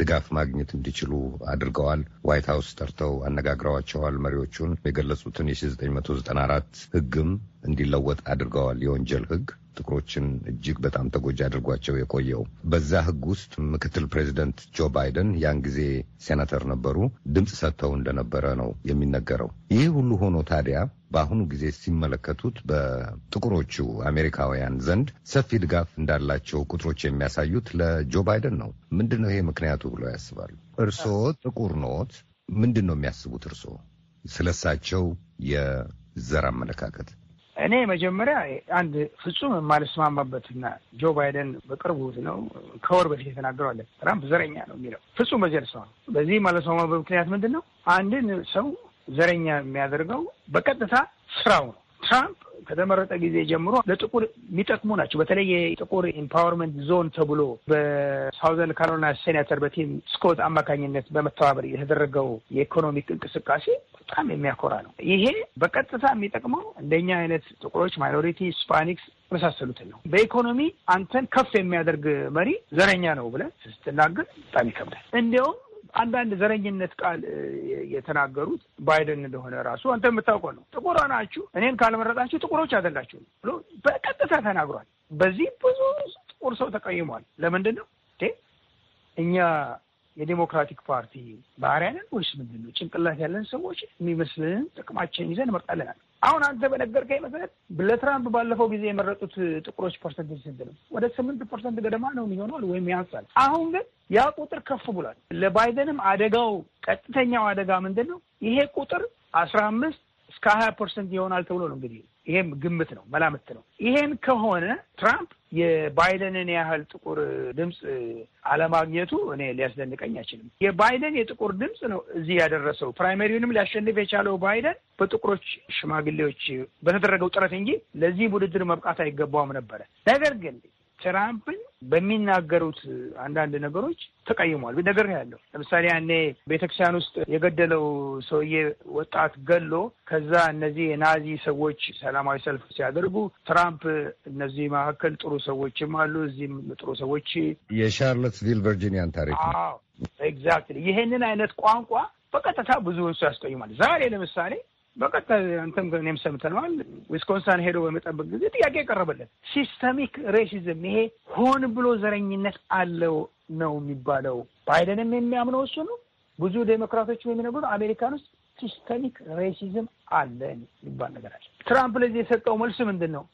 ድጋፍ ማግኘት እንዲችሉ አድርገዋል። ዋይት ሀውስ ጠርተው አነጋግረዋቸዋል። መሪዎቹን የገለጹትን የ1994 ህግም እንዲለወጥ አድርገዋል። የወንጀል ህግ ጥቁሮችን እጅግ በጣም ተጎጂ አድርጓቸው የቆየው በዛ ህግ ውስጥ ምክትል ፕሬዚደንት ጆ ባይደን ያን ጊዜ ሴናተር ነበሩ፣ ድምፅ ሰጥተው እንደነበረ ነው የሚነገረው። ይህ ሁሉ ሆኖ ታዲያ በአሁኑ ጊዜ ሲመለከቱት በጥቁሮቹ አሜሪካውያን ዘንድ ሰፊ ድጋፍ እንዳላቸው ቁጥሮች የሚያሳዩት ለጆ ባይደን ነው። ምንድን ነው ይሄ ምክንያቱ ብለው ያስባሉ? እርስዎ ጥቁር ኖት፣ ምንድን ነው የሚያስቡት እርስዎ ስለሳቸው የዘር አመለካከት? እኔ መጀመሪያ አንድ ፍጹም የማልስማማበትና ጆ ባይደን በቅርቡ ነው ከወር በፊት የተናገረዋለን ትራምፕ ዘረኛ ነው የሚለው ፍጹም በዚህ በዚህ ማልስማማበት ምክንያት ምንድን ነው? አንድን ሰው ዘረኛ የሚያደርገው በቀጥታ ስራው ነው። ትራምፕ ከተመረጠ ጊዜ ጀምሮ ለጥቁር የሚጠቅሙ ናቸው። በተለይ የጥቁር ኢምፓወርመንት ዞን ተብሎ በሳውዘርን ካሮላይና ሴናተር በቲም ስኮት አማካኝነት በመተባበር የተደረገው የኢኮኖሚክ እንቅስቃሴ በጣም የሚያኮራ ነው። ይሄ በቀጥታ የሚጠቅመው እንደኛ አይነት ጥቁሮች፣ ማይኖሪቲ፣ ስፓኒክስ የመሳሰሉትን ነው። በኢኮኖሚ አንተን ከፍ የሚያደርግ መሪ ዘረኛ ነው ብለን ስትናገር በጣም ይከብዳል። እንዲያውም አንዳንድ ዘረኝነት ቃል የተናገሩት ባይደን እንደሆነ ራሱ አንተ የምታውቀው ነው። ጥቁር ናችሁ እኔን ካልመረጣችሁ ጥቁሮች አይደላችሁ ብሎ በቀጥታ ተናግሯል። በዚህ ብዙ ጥቁር ሰው ተቀይሟል። ለምንድን ነው እኛ የዴሞክራቲክ ፓርቲ ባህሪያ ወይስ ምንድን ነው? ጭንቅላት ያለን ሰዎች የሚመስልን ጥቅማችን ይዘን እመርጣለናል። አሁን አንተ በነገርከኝ መሰረት ለትራምፕ ባለፈው ጊዜ የመረጡት ጥቁሮች ፐርሰንቴጅ ስንት ነው? ወደ ስምንት ፐርሰንት ገደማ ነው የሚሆነዋል ወይም ያንሳል። አሁን ግን ያ ቁጥር ከፍ ብሏል። ለባይደንም አደጋው ቀጥተኛው አደጋ ምንድን ነው? ይሄ ቁጥር አስራ አምስት እስከ ሀያ ፐርሰንት ይሆናል ተብሎ ነው እንግዲህ ይሄም ግምት ነው፣ መላምት ነው። ይሄን ከሆነ ትራምፕ የባይደንን ያህል ጥቁር ድምፅ አለማግኘቱ እኔ ሊያስደንቀኝ አይችልም። የባይደን የጥቁር ድምፅ ነው እዚህ ያደረሰው። ፕራይመሪውንም ሊያሸንፍ የቻለው ባይደን በጥቁሮች ሽማግሌዎች በተደረገው ጥረት እንጂ ለዚህ ውድድር መብቃት አይገባውም ነበረ። ነገር ግን ትራምፕን በሚናገሩት አንዳንድ ነገሮች ተቀይሟል። ነገር ያለው ለምሳሌ ያኔ ቤተክርስቲያን ውስጥ የገደለው ሰውዬ ወጣት ገሎ ከዛ እነዚህ የናዚ ሰዎች ሰላማዊ ሰልፍ ሲያደርጉ ትራምፕ እነዚህ መካከል ጥሩ ሰዎችም አሉ፣ እዚህም ጥሩ ሰዎች የሻርሎትስቪል ቨርጂኒያን ታሪክ ኤግዛክትሊ ይሄንን አይነት ቋንቋ በቀጥታ ብዙ እሱ ያስቀይማል። ዛሬ ለምሳሌ በቀጣይ አንተም እኔም ሰምተነዋል። ዊስኮንሳን ሄዶ በመጠበቅ ጊዜ ጥያቄ የቀረበለት ሲስተሚክ ሬሲዝም ይሄ ሆን ብሎ ዘረኝነት አለው ነው የሚባለው። ባይደንም የሚያምነው እሱ ነው። ብዙ ዴሞክራቶችም የሚነግሩ አሜሪካን ውስጥ ሲስተሚክ ሬሲዝም አለ የሚባል ነገር አለ። ትራምፕ ለዚህ የሰጠው መልስ ምንድን ነው?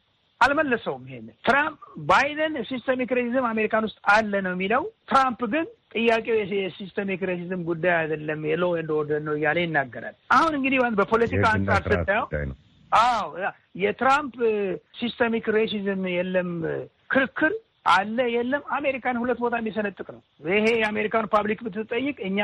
አልመለሰውም። ይሄንን ትራምፕ ባይደን ሲስተሚክ ሬሲዝም አሜሪካን ውስጥ አለ ነው የሚለው። ትራምፕ ግን ጥያቄው የሲስተሚክ ሬሲዝም ጉዳይ አይደለም የሎ ኤንድ ኦርደር ነው እያለ ይናገራል። አሁን እንግዲህ በፖለቲካ አንጻር ስታየው አዎ የትራምፕ ሲስተሚክ ሬሲዝም የለም ክርክር አለ የለም። አሜሪካን ሁለት ቦታ የሚሰነጥቅ ነው። ይሄ የአሜሪካን ፓብሊክ ብትጠይቅ እኛ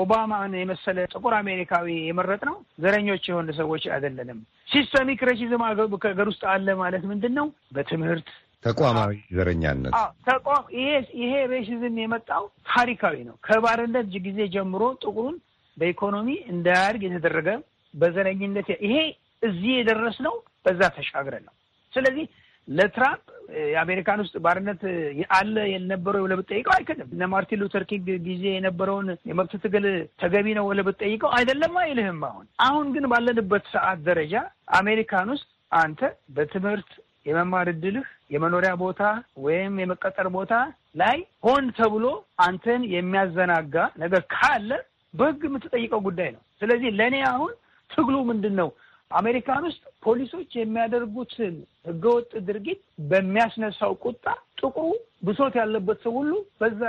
ኦባማን የመሰለ ጥቁር አሜሪካዊ የመረጥ ነው ዘረኞች የሆን ሰዎች አይደለንም። ሲስተሚክ ሬሲዝም ከሀገር ውስጥ አለ ማለት ምንድን ነው? በትምህርት ተቋማዊ ዘረኛነት ተቋም ይሄ ሬሲዝም የመጣው ታሪካዊ ነው። ከባርነት ጊዜ ጀምሮ ጥቁሩን በኢኮኖሚ እንዳያድግ የተደረገ በዘረኝነት ይሄ እዚህ የደረስነው በዛ ተሻግረን ነው። ስለዚህ ለትራምፕ የአሜሪካን ውስጥ ባርነት አለ የነበረው ብለህ ብትጠይቀው አይክድም። እነ ማርቲን ሉተር ኪንግ ጊዜ የነበረውን የመብት ትግል ተገቢ ነው ብለህ ብትጠይቀው አይደለም አይልህም። አሁን አሁን ግን ባለንበት ሰዓት ደረጃ አሜሪካን ውስጥ አንተ በትምህርት የመማር እድልህ የመኖሪያ ቦታ ወይም የመቀጠር ቦታ ላይ ሆን ተብሎ አንተን የሚያዘናጋ ነገር ካለ በህግ የምትጠይቀው ጉዳይ ነው። ስለዚህ ለእኔ አሁን ትግሉ ምንድን ነው? አሜሪካን ውስጥ ፖሊሶች የሚያደርጉትን ህገወጥ ድርጊት በሚያስነሳው ቁጣ ጥቁሩ ብሶት ያለበት ሰው ሁሉ በዛ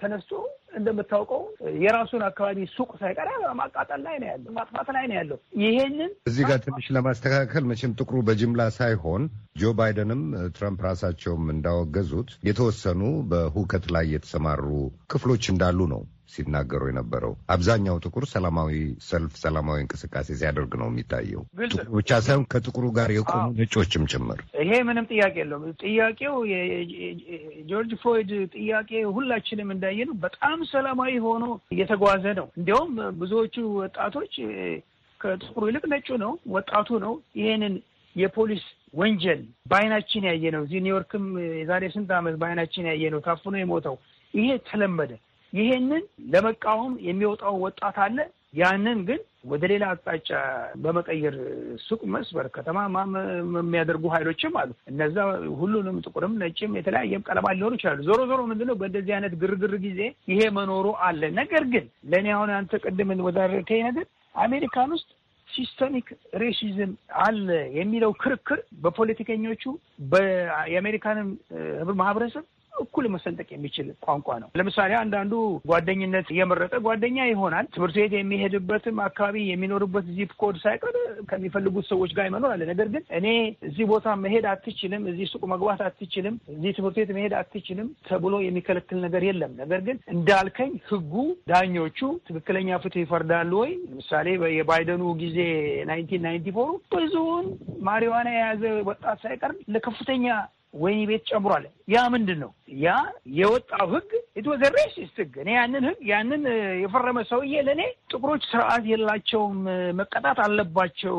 ተነስቶ እንደምታውቀው የራሱን አካባቢ ሱቅ ሳይቀር ማቃጠል ላይ ነው ያለው፣ ማጥፋት ላይ ነው ያለው። ይሄንን እዚህ ጋር ትንሽ ለማስተካከል መቼም ጥቁሩ በጅምላ ሳይሆን ጆ ባይደንም ትራምፕ ራሳቸውም እንዳወገዙት የተወሰኑ በሁከት ላይ የተሰማሩ ክፍሎች እንዳሉ ነው ሲናገሩ የነበረው። አብዛኛው ጥቁር ሰላማዊ ሰልፍ፣ ሰላማዊ እንቅስቃሴ ሲያደርግ ነው የሚታየው። ጥቁር ብቻ ሳይሆን ከጥቁሩ ጋር የቆሙ ነጮችም ጭምር። ይሄ ምንም ጥያቄ የለውም። ጥያቄው ጆርጅ ፍሎይድ ጥያቄ ሁላችንም እንዳየነው በጣም ሰላማዊ ሆኖ እየተጓዘ ነው። እንዲያውም ብዙዎቹ ወጣቶች ከጥቁሩ ይልቅ ነጩ ነው ወጣቱ ነው ይሄንን የፖሊስ ወንጀል በአይናችን ያየ ነው። እዚህ ኒውዮርክም የዛሬ ስንት ዓመት በአይናችን ያየ ነው ታፍኖ የሞተው ይሄ ተለመደ። ይሄንን ለመቃወም የሚወጣው ወጣት አለ። ያንን ግን ወደ ሌላ አቅጣጫ በመቀየር ሱቅ መስበር፣ ከተማ የሚያደርጉ ኃይሎችም አሉ። እነዛ ሁሉንም ጥቁርም፣ ነጭም የተለያየም ቀለማት ሊሆኑ ይችላሉ። ዞሮ ዞሮ ምንድነው በእንደዚህ አይነት ግርግር ጊዜ ይሄ መኖሩ አለ። ነገር ግን ለእኔ አሁን አንተ ቅድም ወዳርከኝ ነገር አሜሪካን ውስጥ ሲስተሚክ ሬሲዝም አለ የሚለው ክርክር በፖለቲከኞቹ፣ የአሜሪካንም ማህበረሰብ እኩል መሰንጠቅ የሚችል ቋንቋ ነው። ለምሳሌ አንዳንዱ ጓደኝነት የመረጠ ጓደኛ ይሆናል። ትምህርት ቤት የሚሄድበትም አካባቢ የሚኖርበት ዚፕ ኮድ ሳይቀር ከሚፈልጉት ሰዎች ጋር ይመኖር አለ። ነገር ግን እኔ እዚህ ቦታ መሄድ አትችልም፣ እዚህ ሱቅ መግባት አትችልም፣ እዚህ ትምህርት ቤት መሄድ አትችልም ተብሎ የሚከለክል ነገር የለም። ነገር ግን እንዳልከኝ ህጉ፣ ዳኞቹ ትክክለኛ ፍትህ ይፈርዳሉ ወይ? ለምሳሌ የባይደኑ ጊዜ ናይንቲን ናይንቲ ፎሩ ብዙውን ማሪዋና የያዘ ወጣት ሳይቀር ለከፍተኛ ወህኒ ቤት ጨምሯል። ያ ምንድን ነው? ያ የወጣው ህግ ኢትወዘ ሬሲስት ህግ። እኔ ያንን ህግ ያንን የፈረመ ሰውዬ ለእኔ ጥቁሮች ስርዓት የላቸውም መቀጣት አለባቸው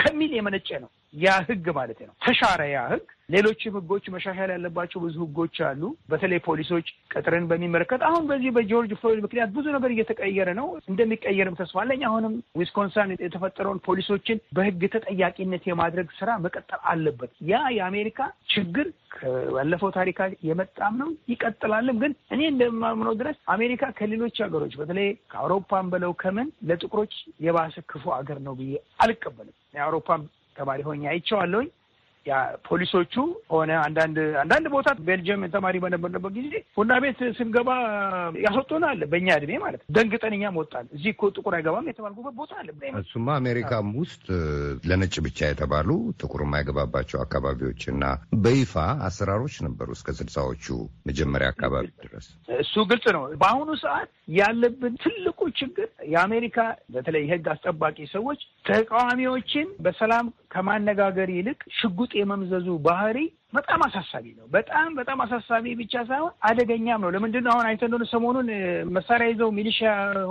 ከሚል የመነጨ ነው። ያ ህግ ማለት ነው ተሻረ። ያ ህግ ሌሎችም ህጎች መሻሻል ያለባቸው ብዙ ህጎች አሉ። በተለይ ፖሊሶች ቅጥርን በሚመለከት አሁን በዚህ በጆርጅ ፍሎይድ ምክንያት ብዙ ነገር እየተቀየረ ነው። እንደሚቀየርም ተስፋ አለኝ። አሁንም ዊስኮንሳን የተፈጠረውን ፖሊሶችን በህግ ተጠያቂነት የማድረግ ስራ መቀጠል አለበት። ያ የአሜሪካ ችግር ባለፈው ታሪካ የመጣም ነው ይቀጥላልም። ግን እኔ እንደማምነው ድረስ አሜሪካ ከሌሎች ሀገሮች በተለይ ከአውሮፓን በለው ከምን ለጥቁሮች የባሰ ክፉ አገር ነው ብዬ አልቀበልም። የአውሮፓን ተማሪ ሆኜ አይቼዋለሁኝ። ፖሊሶቹ ሆነ አንዳንድ አንዳንድ ቦታ ቤልጅየም ተማሪ በነበርንበት ጊዜ ቡና ቤት ስንገባ ያስወጡናል። በእኛ እድሜ ማለት ነው። ደንግጠን እኛም ወጣን። እዚህ እኮ ጥቁር አይገባም የተባልኩበት ቦታ አለ። እሱማ አሜሪካም ውስጥ ለነጭ ብቻ የተባሉ ጥቁር የማይገባባቸው አካባቢዎች እና በይፋ አሰራሮች ነበሩ እስከ ስልሳዎቹ መጀመሪያ አካባቢ ድረስ። እሱ ግልጽ ነው። በአሁኑ ሰዓት ያለብን ትልቁ ችግር የአሜሪካ በተለይ የህግ አስጠባቂ ሰዎች ተቃዋሚዎችን በሰላም ከማነጋገር ይልቅ ሽጉጥ የመምዘዙ ባህሪ በጣም አሳሳቢ ነው። በጣም በጣም አሳሳቢ ብቻ ሳይሆን አደገኛም ነው። ለምንድን ነው አሁን አይተ እንደሆነ ሰሞኑን መሳሪያ ይዘው ሚሊሻ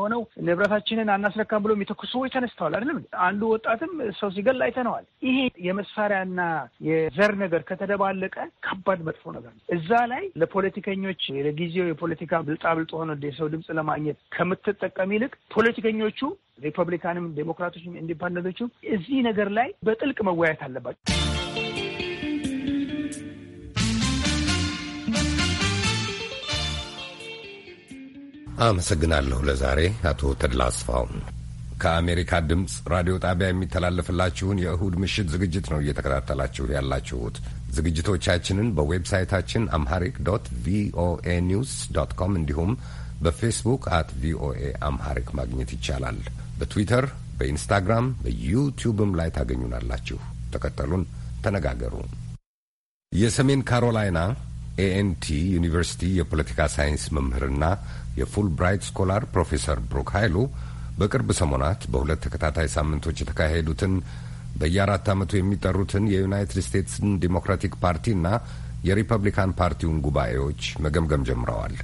ሆነው ንብረታችንን አናስረካም ብሎ የሚተኩሱ ሰዎች ተነስተዋል አይደለም? አንዱ ወጣትም ሰው ሲገል አይተነዋል። ይሄ የመሳሪያና የዘር ነገር ከተደባለቀ ከባድ መጥፎ ነገር ነው። እዛ ላይ ለፖለቲከኞች ለጊዜው የፖለቲካ ብልጣብልጥ ሆነ የሰው ድምፅ ለማግኘት ከምትጠቀም ይልቅ ፖለቲከኞቹ ሪፐብሊካንም፣ ዴሞክራቶችም፣ ኢንዲፐንደንቶቹም እዚህ ነገር ላይ በጥልቅ መወያየት አለባቸው። አመሰግናለሁ። ለዛሬ አቶ ተድላ ከአሜሪካ ድምፅ ራዲዮ ጣቢያ የሚተላለፍላችሁን የእሁድ ምሽት ዝግጅት ነው እየተከታተላችሁ ያላችሁት። ዝግጅቶቻችንን በዌብሳይታችን አምሃሪክ ዶት ቪኦኤ ኒውስ ዶት ኮም እንዲሁም በፌስቡክ አት ቪኦኤ አምሃሪክ ማግኘት ይቻላል። በትዊተር፣ በኢንስታግራም፣ በዩቲዩብም ላይ ታገኙናላችሁ። ተከተሉን፣ ተነጋገሩ። የሰሜን ካሮላይና ኤኤንቲ ዩኒቨርሲቲ የፖለቲካ ሳይንስ መምህርና የፉል ብራይት ስኮላር ፕሮፌሰር ብሩክ ኃይሉ በቅርብ ሰሞናት በሁለት ተከታታይ ሳምንቶች የተካሄዱትን በየአራት ዓመቱ የሚጠሩትን የዩናይትድ ስቴትስን ዲሞክራቲክ ፓርቲና የሪፐብሊካን ፓርቲውን ጉባኤዎች መገምገም ጀምረዋል።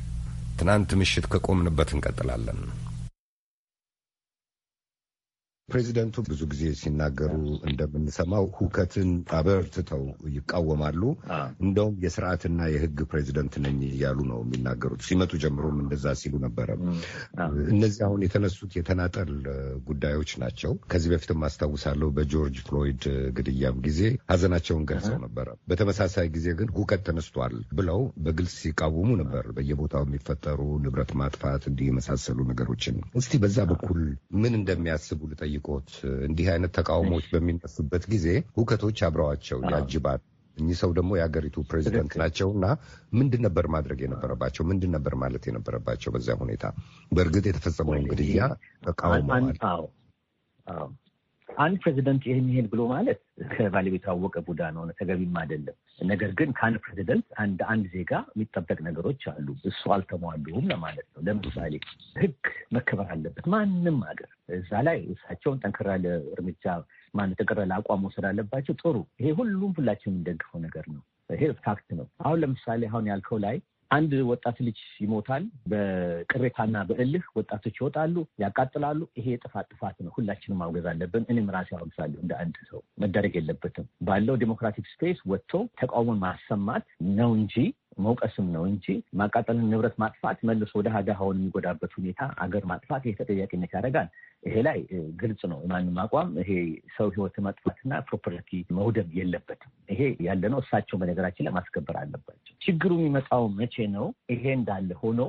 ትናንት ምሽት ከቆምንበት እንቀጥላለን። ፕሬዚደንቱ ብዙ ጊዜ ሲናገሩ እንደምንሰማው ሁከትን አበርትተው ይቃወማሉ። እንደውም የስርዓትና የሕግ ፕሬዚደንት ነኝ እያሉ ነው የሚናገሩት። ሲመጡ ጀምሮም እንደዛ ሲሉ ነበረ። እነዚህ አሁን የተነሱት የተናጠል ጉዳዮች ናቸው። ከዚህ በፊትም አስታውሳለሁ በጆርጅ ፍሎይድ ግድያም ጊዜ ሀዘናቸውን ገልጸው ነበረ። በተመሳሳይ ጊዜ ግን ሁከት ተነስቷል ብለው በግልጽ ሲቃወሙ ነበር። በየቦታው የሚፈጠሩ ንብረት ማጥፋት እንዲህ የመሳሰሉ ነገሮችን እስቲ በዛ በኩል ምን እንደሚያስቡ ልጠይቅ ጠይቆት እንዲህ አይነት ተቃውሞዎች በሚነሱበት ጊዜ ሁከቶች አብረዋቸው ያጅባል። እኚህ ሰው ደግሞ የሀገሪቱ ፕሬዚደንት ናቸው እና ምንድን ነበር ማድረግ የነበረባቸው? ምንድን ነበር ማለት የነበረባቸው? በዚያ ሁኔታ በእርግጥ የተፈጸመውን ግድያ ተቃውሞ አንድ ፕሬዚደንት ይህን ይሄን ብሎ ማለት ከባለቤቱ ያወቀ ቡዳ ነው፣ ተገቢም አይደለም። ነገር ግን ከአንድ ፕሬዚደንት አንድ አንድ ዜጋ የሚጠበቅ ነገሮች አሉ። እሱ አልተሟሉም ለማለት ነው። ለምሳሌ ህግ መከበር አለበት ማንም አገር። እዛ ላይ እሳቸውን ጠንክራ ለእርምጃ እርምጃ ማን ጠንክራ ያለ አቋም መውሰድ አለባቸው። ጥሩ፣ ይሄ ሁሉም ሁላችንም የሚደግፈው ነገር ነው። ይሄ ፋክት ነው። አሁን ለምሳሌ አሁን ያልከው ላይ አንድ ወጣት ልጅ ይሞታል። በቅሬታና በእልህ ወጣቶች ይወጣሉ፣ ያቃጥላሉ። ይሄ የጥፋት ጥፋት ነው። ሁላችንም ማውገዝ አለብን። እኔም ራሴ አወግዛለሁ። እንደ አንድ ሰው መደረግ የለበትም። ባለው ዲሞክራቲክ ስፔስ ወጥቶ ተቃውሞን ማሰማት ነው እንጂ መውቀስም ነው እንጂ ማቃጠልን፣ ንብረት ማጥፋት መልሶ ወደ ሀገሃውን የሚጎዳበት ሁኔታ አገር ማጥፋት ይህ ተጠያቂነት ያደርጋል። ይሄ ላይ ግልጽ ነው የማንም አቋም። ይሄ ሰው ህይወት ማጥፋትና ፕሮፐርቲ መውደም የለበትም። ይሄ ያለነው እሳቸው በነገራችን ላይ ማስከበር አለበት። ችግሩ የሚመጣው መቼ ነው? ይሄ እንዳለ ሆኖ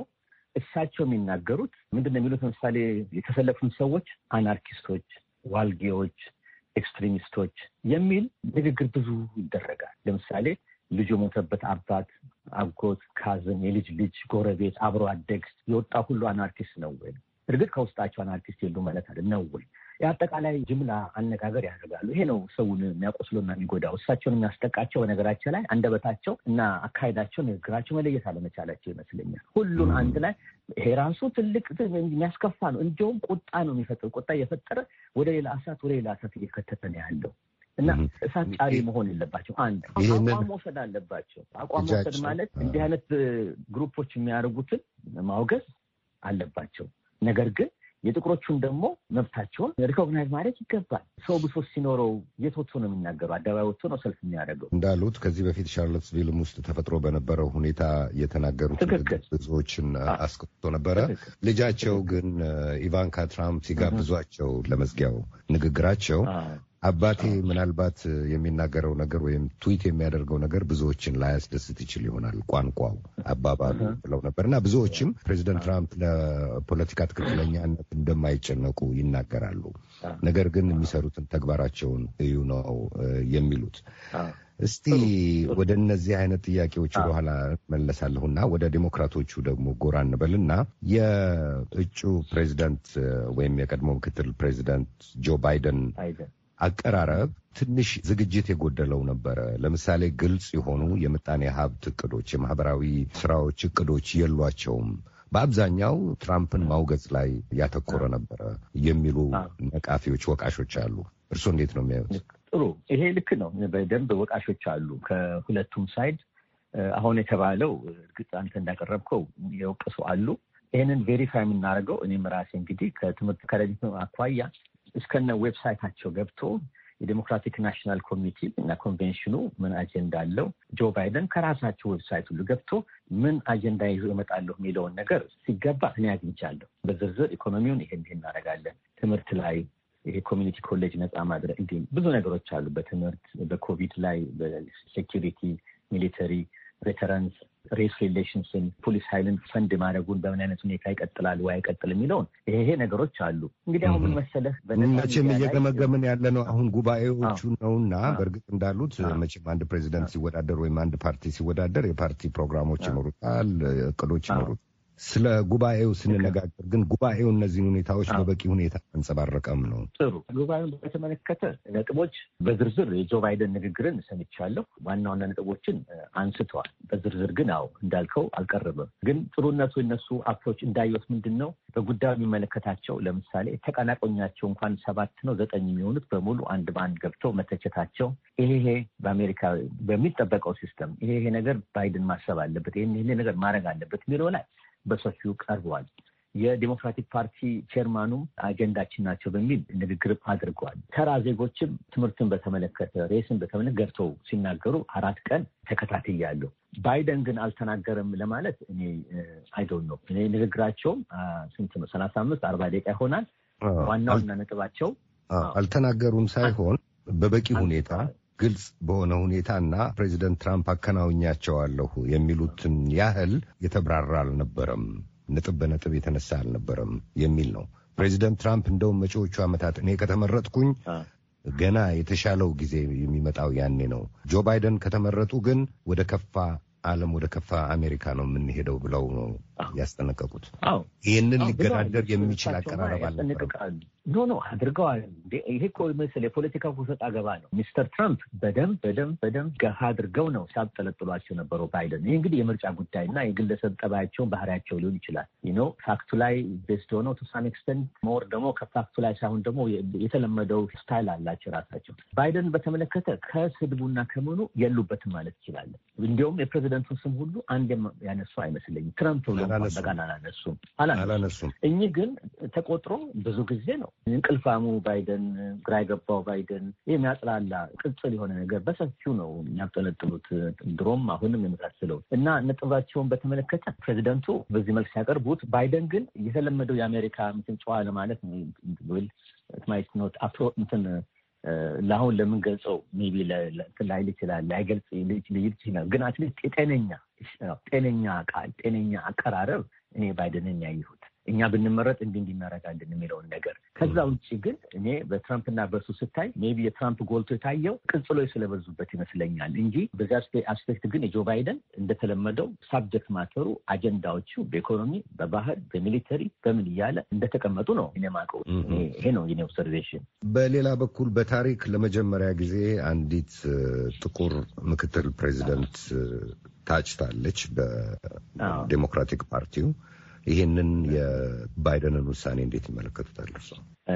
እሳቸው የሚናገሩት ምንድን ነው የሚሉት? ለምሳሌ የተሰለፉን ሰዎች አናርኪስቶች፣ ዋልጌዎች፣ ኤክስትሪሚስቶች የሚል ንግግር ብዙ ይደረጋል። ለምሳሌ ልጅ የሞተበት አባት፣ አጎት፣ ካዝን፣ የልጅ ልጅ፣ ጎረቤት፣ አብሮ አደግ የወጣ ሁሉ አናርኪስት ነው ወይ? እርግጥ ከውስጣቸው አናርኪስት የሉ ማለት አለ ነው ወይ? የአጠቃላይ ጅምላ አነጋገር ያደርጋሉ። ይሄ ነው ሰውን የሚያቆስሎና የሚጎዳው። እሳቸውን የሚያስጠቃቸው በነገራቸው ላይ አንደበታቸው እና አካሄዳቸው፣ ንግግራቸው መለየት አለመቻላቸው ይመስለኛል። ሁሉን አንድ ላይ ይሄ ራሱ ትልቅ የሚያስከፋ ነው። እንዲሁም ቁጣ ነው የሚፈጥር ቁጣ እየፈጠረ ወደ ሌላ እሳት ወደ ሌላ እሳት እየከተተ ነው ያለው እና እሳት ጫሪ መሆን የለባቸው። አንድ አቋም መውሰድ አለባቸው። አቋም መውሰድ ማለት እንዲህ አይነት ግሩፖች የሚያደርጉትን ማውገዝ አለባቸው። ነገር ግን የጥቁሮቹም ደግሞ መብታቸውን ሪኮግናይዝ ማድረግ ይገባል። ሰው ብሶት ሲኖረው የት ወጥቶ ነው የሚናገሩ? አደባባይ ወጥቶ ነው ሰልፍ የሚያደርገው? እንዳሉት ከዚህ በፊት ቪልም ውስጥ ተፈጥሮ በነበረው ሁኔታ የተናገሩት ብዙዎችን አስቆጥቶ ነበረ። ልጃቸው ግን ኢቫንካ ትራምፕ ሲጋብዟቸው ለመዝጊያው ንግግራቸው አባቴ ምናልባት የሚናገረው ነገር ወይም ትዊት የሚያደርገው ነገር ብዙዎችን ላያስደስት ይችል ይሆናል። ቋንቋው፣ አባባሉ ብለው ነበር እና ብዙዎችም ፕሬዚደንት ትራምፕ ለፖለቲካ ትክክለኛነት እንደማይጨነቁ ይናገራሉ። ነገር ግን የሚሰሩትን ተግባራቸውን እዩ ነው የሚሉት። እስቲ ወደ እነዚህ አይነት ጥያቄዎች ወደኋላ መለሳለሁና ወደ ዴሞክራቶቹ ደግሞ ጎራ እንበልና የእጩ ፕሬዚደንት ወይም የቀድሞ ምክትል ፕሬዚደንት ጆ ባይደን አቀራረብ ትንሽ ዝግጅት የጎደለው ነበረ። ለምሳሌ ግልጽ የሆኑ የምጣኔ ሀብት እቅዶች፣ የማህበራዊ ስራዎች እቅዶች የሏቸውም። በአብዛኛው ትራምፕን ማውገዝ ላይ ያተኮረ ነበረ የሚሉ ነቃፊዎች፣ ወቃሾች አሉ። እርስዎ እንዴት ነው የሚያዩት? ጥሩ፣ ይሄ ልክ ነው። በደንብ ወቃሾች አሉ ከሁለቱም ሳይድ። አሁን የተባለው እርግጥ አንተ እንዳቀረብከው የወቀሱ አሉ። ይህንን ቬሪፋይ የምናደርገው እኔም ራሴ እንግዲህ ከትምህርት ከረጅም አኳያ እስከነ ዌብሳይታቸው ገብቶ የዴሞክራቲክ ናሽናል ኮሚቲ እና ኮንቬንሽኑ ምን አጀንዳ አለው፣ ጆ ባይደን ከራሳቸው ዌብሳይት ሁሉ ገብቶ ምን አጀንዳ ይዞ ይመጣለሁ የሚለውን ነገር ሲገባ እኔ አግኝቻለሁ። በዝርዝር ኢኮኖሚውን ይሄ እንዲህ እናደርጋለን፣ ትምህርት ላይ ይሄ ኮሚኒቲ ኮሌጅ ነፃ ማድረግ እንዲህ ብዙ ነገሮች አሉ። በትምህርት በኮቪድ ላይ በሴኪሪቲ ሚሊተሪ ሬተረንስ ሬስ ሪሌሽንስን ፖሊስ ኃይልን ፈንድ ማድረጉን በምን አይነት ሁኔታ ይቀጥላል ወይ አይቀጥል የሚለውን ይሄ ነገሮች አሉ። እንግዲህ አሁን ምን መሰለህ መቼም እየገመገምን ያለ ነው። አሁን ጉባኤዎቹ ነውና በእርግጥ እንዳሉት መቼም አንድ ፕሬዚደንት ሲወዳደር ወይም አንድ ፓርቲ ሲወዳደር የፓርቲ ፕሮግራሞች ይኖሩታል፣ እቅዶች ይኖሩታል ስለ ጉባኤው ስንነጋገር ግን ጉባኤው እነዚህን ሁኔታዎች በበቂ ሁኔታ አንጸባረቀም ነው። ጥሩ ጉባኤውን በተመለከተ ነጥቦች በዝርዝር የጆ ባይደን ንግግርን ሰምቻለሁ። ዋና ዋና ነጥቦችን አንስተዋል። በዝርዝር ግን አዎ እንዳልከው አልቀረበም። ግን ጥሩነቱ የነሱ አፕሮች እንዳየት ምንድን ነው በጉዳዩ የሚመለከታቸው ለምሳሌ ተቀናቆኛቸው እንኳን ሰባት ነው ዘጠኝ የሚሆኑት በሙሉ አንድ በአንድ ገብተው መተቸታቸው፣ ይሄ በአሜሪካ በሚጠበቀው ሲስተም ይሄ ነገር ባይደን ማሰብ አለበት፣ ይሄ ነገር ማድረግ አለበት የሚለው ላይ በሰፊው ቀርበዋል። የዲሞክራቲክ ፓርቲ ቼርማኑም አጀንዳችን ናቸው በሚል ንግግር አድርገዋል። ተራ ዜጎችም ትምህርትን በተመለከተ ሬስን በተመለከተ ገብተው ሲናገሩ አራት ቀን ተከታትያለሁ። ባይደን ግን አልተናገረም ለማለት እኔ አይዶን ነው። እኔ ንግግራቸውም ስንት ነው? ሰላሳ አምስት አርባ ደቂቃ ይሆናል። ዋናውና ነጥባቸው አልተናገሩም ሳይሆን በበቂ ሁኔታ ግልጽ በሆነ ሁኔታና ፕሬዚደንት ትራምፕ አከናውኛቸዋለሁ የሚሉትን ያህል የተብራራ አልነበረም፣ ነጥብ በነጥብ የተነሳ አልነበረም የሚል ነው። ፕሬዚደንት ትራምፕ እንደውም መጪዎቹ ዓመታት እኔ ከተመረጥኩኝ ገና የተሻለው ጊዜ የሚመጣው ያኔ ነው፣ ጆ ባይደን ከተመረጡ ግን ወደ ከፋ ዓለም ወደ ከፋ አሜሪካ ነው የምንሄደው ብለው ነው ያስጠነቀቁት። ይህንን ሊገዳደር የሚችል አቀራረብ አልነበረም። ኖ ኖ አድርገዋል። ይሄ እኮ መሰለህ የፖለቲካ ውሰጥ አገባ ነው። ሚስተር ትራምፕ በደንብ በደንብ በደንብ ገፋ አድርገው ነው ሲያብጠለጥሏቸው ነበረው ባይደን። ይህ እንግዲህ የምርጫ ጉዳይ እና የግለሰብ ጠባያቸውን ባህሪያቸው ሊሆን ይችላል። ነው ፋክቱ ላይ ቤስድ ሆነው ቱሳን ኤክስተንት ሞር ደግሞ ከፋክቱ ላይ ሳይሆን ደግሞ የተለመደው ስታይል አላቸው ራሳቸው። ባይደን በተመለከተ ከስድቡና ከመኑ የሉበትም ማለት ይችላለን። እንዲሁም የፕሬዚደንቱን ስም ሁሉ አንድ ያነሱ አይመስለኝም ትራምፕ ብሎ አላነሱም አላነሱም። እኚህ ግን ተቆጥሮ ብዙ ጊዜ ነው እንቅልፋሙ ባይደን፣ ግራ የገባው ባይደን የሚያጥላላ ቅጽል የሆነ ነገር በሰፊው ነው የሚያጠለጥሉት ድሮም አሁንም የመሳሰለው እና ነጥባቸውን በተመለከተ ፕሬዚደንቱ በዚህ መልክ ሲያቀርቡት፣ ባይደን ግን የተለመደው የአሜሪካ ምትን ጨዋ ለማለት ብል ማይት ኖት አፕሮ እንትን ለአሁን ለምን ሜይ ሜቢ ላይል ይችላል ላይገልጽ ልይል ይችላል። ግን አትሊስት ጤነኛ ጤነኛ ቃል ጤነኛ አቀራረብ እኔ ባይደንን ያየሁት እኛ ብንመረጥ እንዲ እንዲናረጋልን የሚለውን ነገር ከዛ ውጭ ግን እኔ በትራምፕና በሱ ስታይ ሜቢ የትራምፕ ጎልቶ የታየው ቅጽሎች ስለበዙበት ይመስለኛል እንጂ በዚያ አስፔክት ግን የጆ ባይደን እንደተለመደው ሳብጀክት ማተሩ አጀንዳዎቹ በኢኮኖሚ፣ በባህል፣ በሚሊተሪ በምን እያለ እንደተቀመጡ ነው እኔ ማቀው። ይሄ ነው የኔ ኦብሰርቬሽን። በሌላ በኩል በታሪክ ለመጀመሪያ ጊዜ አንዲት ጥቁር ምክትል ፕሬዚደንት ታጭታለች በዴሞክራቲክ ፓርቲው ይህንን የባይደንን ውሳኔ እንዴት ይመለከቱታል?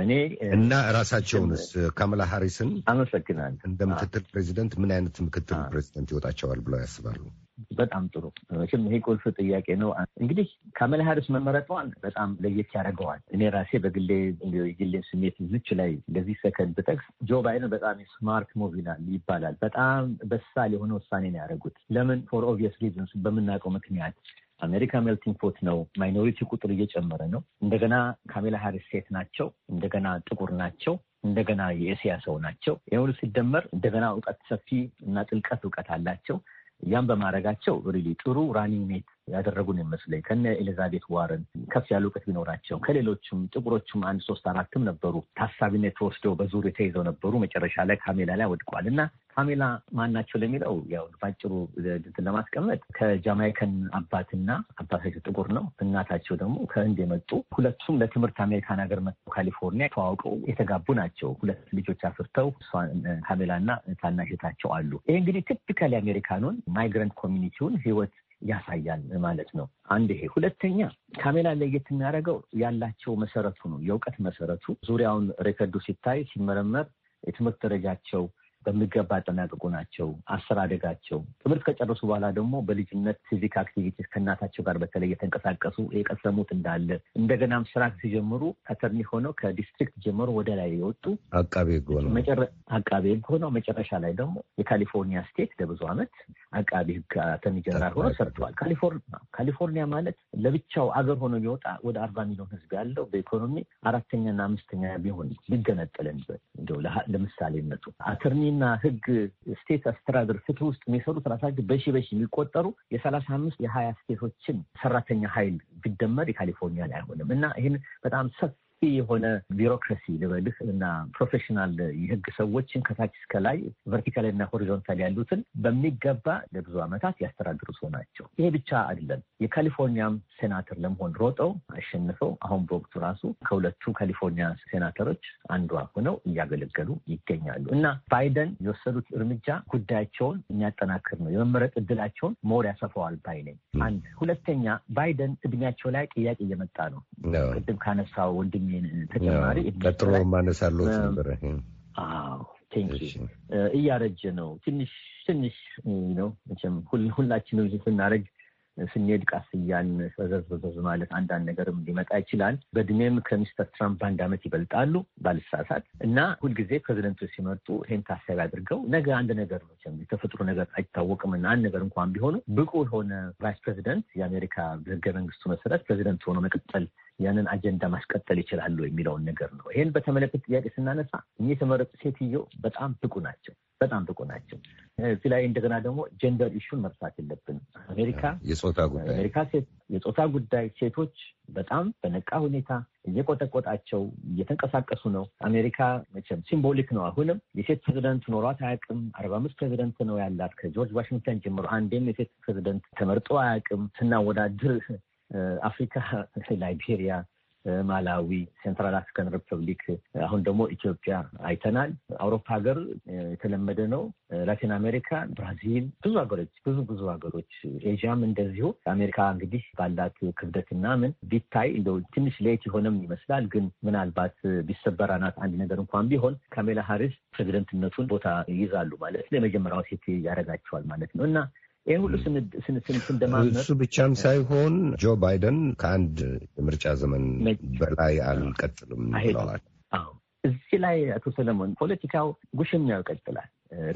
እኔ እና ራሳቸውንስ ካማላ ሀሪስን አመሰግናለሁ እንደ ምክትል ፕሬዚደንት ምን አይነት ምክትል ፕሬዚደንት ይወጣቸዋል ብለው ያስባሉ? በጣም ጥሩ መቼም ይሄ ቁልፍ ጥያቄ ነው። እንግዲህ ካማላ ሀሪስ መመረጧን በጣም ለየት ያደርገዋል። እኔ ራሴ በግሌ የግሌን ስሜት ዝች ላይ እንደዚህ ሰከንድ ብጠቅስ ጆ ባይደን በጣም ስማርት ሙቭ ይባላል። በጣም በሳል የሆነ ውሳኔ ነው ያደረጉት። ለምን ፎር ኦብቪየስ ሪዝንስ በምናውቀው ምክንያት አሜሪካ ሜልቲንግ ፖት ነው። ማይኖሪቲ ቁጥር እየጨመረ ነው። እንደገና ካሜላ ሀሪስ ሴት ናቸው። እንደገና ጥቁር ናቸው። እንደገና የኤስያ ሰው ናቸው። ይህ ሁሉ ሲደመር እንደገና እውቀት ሰፊ እና ጥልቀት እውቀት አላቸው። ያም በማድረጋቸው ሪሊ ጥሩ ራኒንግ ሜት ያደረጉን ይመስለኝ ከነ ኤሊዛቤት ዋረን ከፍ ያለ እውቀት ቢኖራቸው ከሌሎችም ጥቁሮችም አንድ ሶስት አራትም ነበሩ ታሳቢነት ተወስደው በዙር የተይዘው ነበሩ። መጨረሻ ላይ ካሜላ ላይ ወድቋል እና ካሜላ ማናቸው ለሚለው ያው ባጭሩ ለማስቀመጥ ከጃማይከን አባትና አባታቸው ጥቁር ነው፣ እናታቸው ደግሞ ከህንድ የመጡ ሁለቱም ለትምህርት አሜሪካን ሀገር መጥተው ካሊፎርኒያ ተዋውቀው የተጋቡ ናቸው። ሁለት ልጆች አፍርተው ካሜላና ታናሽታቸው አሉ። ይህ እንግዲህ ቲፒካል የአሜሪካኑን ማይግረንት ኮሚኒቲውን ህይወት ያሳያል ማለት ነው። አንድ ይሄ ሁለተኛ ካሜላ ለየት የሚያደርገው ያላቸው መሰረቱ ነው። የእውቀት መሰረቱ ዙሪያውን ሬከርዱ ሲታይ ሲመረመር የትምህርት ደረጃቸው በሚገባ ያጠናቀቁ ናቸው። አስር አደጋቸው ትምህርት ከጨረሱ በኋላ ደግሞ በልጅነት ፊዚክ አክቲቪቲስ ከእናታቸው ጋር በተለይ የተንቀሳቀሱ የቀሰሙት እንዳለ እንደገናም ስራ ሲጀምሩ አተርኒ ሆነው ከዲስትሪክት ጀምሮ ወደ ላይ የወጡ አቃቤ ህግ ሆነው መጨረሻ ላይ ደግሞ የካሊፎርኒያ ስቴት ለብዙ ዓመት አቃቤ ህግ አተርኒ ጀነራል ሆነው ሰርተዋል። ካሊፎርኒያ ማለት ለብቻው አገር ሆኖ ቢወጣ ወደ አርባ ሚሊዮን ህዝብ ያለው በኢኮኖሚ አራተኛና አምስተኛ ቢሆን ሊገነጠልንበት እንደው ለምሳሌነቱ አተርኒና ህግ ስቴት አስተዳደር ፍትህ ውስጥ የሚሰሩት ራሳቸው በሺ በሺ የሚቆጠሩ የሰላሳ አምስት የሀያ ስቴቶችን ሰራተኛ ሀይል ቢደመር የካሊፎርኒያ ላይ አይሆንም እና ይህን በጣም ሰፊ ሰፊ የሆነ ቢሮክራሲ ልበልህ እና ፕሮፌሽናል የህግ ሰዎችን ከታች እስከላይ ቨርቲካል እና ሆሪዞንታል ያሉትን በሚገባ ለብዙ ዓመታት ያስተዳድሩ ሰው ናቸው። ይሄ ብቻ አይደለም። የካሊፎርኒያም ሴናተር ለመሆን ሮጠው አሸንፈው አሁን በወቅቱ ራሱ ከሁለቱ ካሊፎርኒያ ሴናተሮች አንዷ ሆነው እያገለገሉ ይገኛሉ እና ባይደን የወሰዱት እርምጃ ጉዳያቸውን የሚያጠናክር ነው። የመመረጥ እድላቸውን ሞር ያሰፈዋል ባይ ነኝ። አንድ ሁለተኛ፣ ባይደን እድሜያቸው ላይ ጥያቄ እየመጣ ነው። ቅድም ካነሳው ወንድም ተጨማሪ ቀጥሎ ማነሳለት ነበረ። አዎ እያረጀ ነው። ትንሽ ትንሽ ነው መቼም ሁላችንም ስናደርግ ስንሄድ ቃስ እያን በዘዝ በዘዝ ማለት አንዳንድ ነገርም ሊመጣ ይችላል። በእድሜም ከሚስተር ትራምፕ አንድ ዓመት ይበልጣሉ ባልሳሳት እና ሁልጊዜ ፕሬዚደንቶች ሲመጡ ይህን ታሳቢ አድርገው ነገ አንድ ነገር ነው የተፈጥሮ ነገር አይታወቅም እና አንድ ነገር እንኳን ቢሆኑ ብቁ የሆነ ቫይስ ፕሬዚደንት የአሜሪካ ህገ መንግስቱ መሰረት ፕሬዚደንት ሆኖ መቀጠል ያንን አጀንዳ ማስቀጠል ይችላሉ የሚለውን ነገር ነው። ይህን በተመለከተ ጥያቄ ስናነሳ እኚህ የተመረጡ ሴትዮ በጣም ብቁ ናቸው፣ በጣም ብቁ ናቸው። እዚህ ላይ እንደገና ደግሞ ጀንደር ኢሹን መርሳት የለብን አሜሪካ የጾታ ጉዳይ አሜሪካ የጾታ ጉዳይ ሴቶች በጣም በነቃ ሁኔታ እየቆጠቆጣቸው እየተንቀሳቀሱ ነው። አሜሪካ መቼም ሲምቦሊክ ነው። አሁንም የሴት ፕሬዚደንት ኖሯት አያውቅም። አርባ አምስት ፕሬዚደንት ነው ያላት ከጆርጅ ዋሽንግተን ጀምሮ አንዴም የሴት ፕሬዚደንት ተመርጦ አያውቅም። ስናወዳድር አፍሪካ ላይቤሪያ፣ ማላዊ፣ ሴንትራል አፍሪካን ሪፐብሊክ፣ አሁን ደግሞ ኢትዮጵያ አይተናል። አውሮፓ ሀገር የተለመደ ነው። ላቲን አሜሪካ፣ ብራዚል፣ ብዙ ሀገሮች ብዙ ብዙ ሀገሮች ኤዥያም እንደዚሁ። አሜሪካ እንግዲህ ባላት ክብደትና ምን ቢታይ እንደው ትንሽ ለየት የሆነም ይመስላል። ግን ምናልባት ቢሰበራናት አንድ ነገር እንኳን ቢሆን ካሜላ ሀሪስ ፕሬዚደንትነቱን ቦታ ይይዛሉ ማለት ለመጀመሪያዋ ሴት ያደርጋቸዋል ማለት ነው እና ይህ ሁሉ እሱ ብቻም ሳይሆን ጆ ባይደን ከአንድ የምርጫ ዘመን በላይ አልቀጥልም ብለዋል። እዚህ ላይ አቶ ሰለሞን ፖለቲካው ጉሽኛው ይቀጥላል።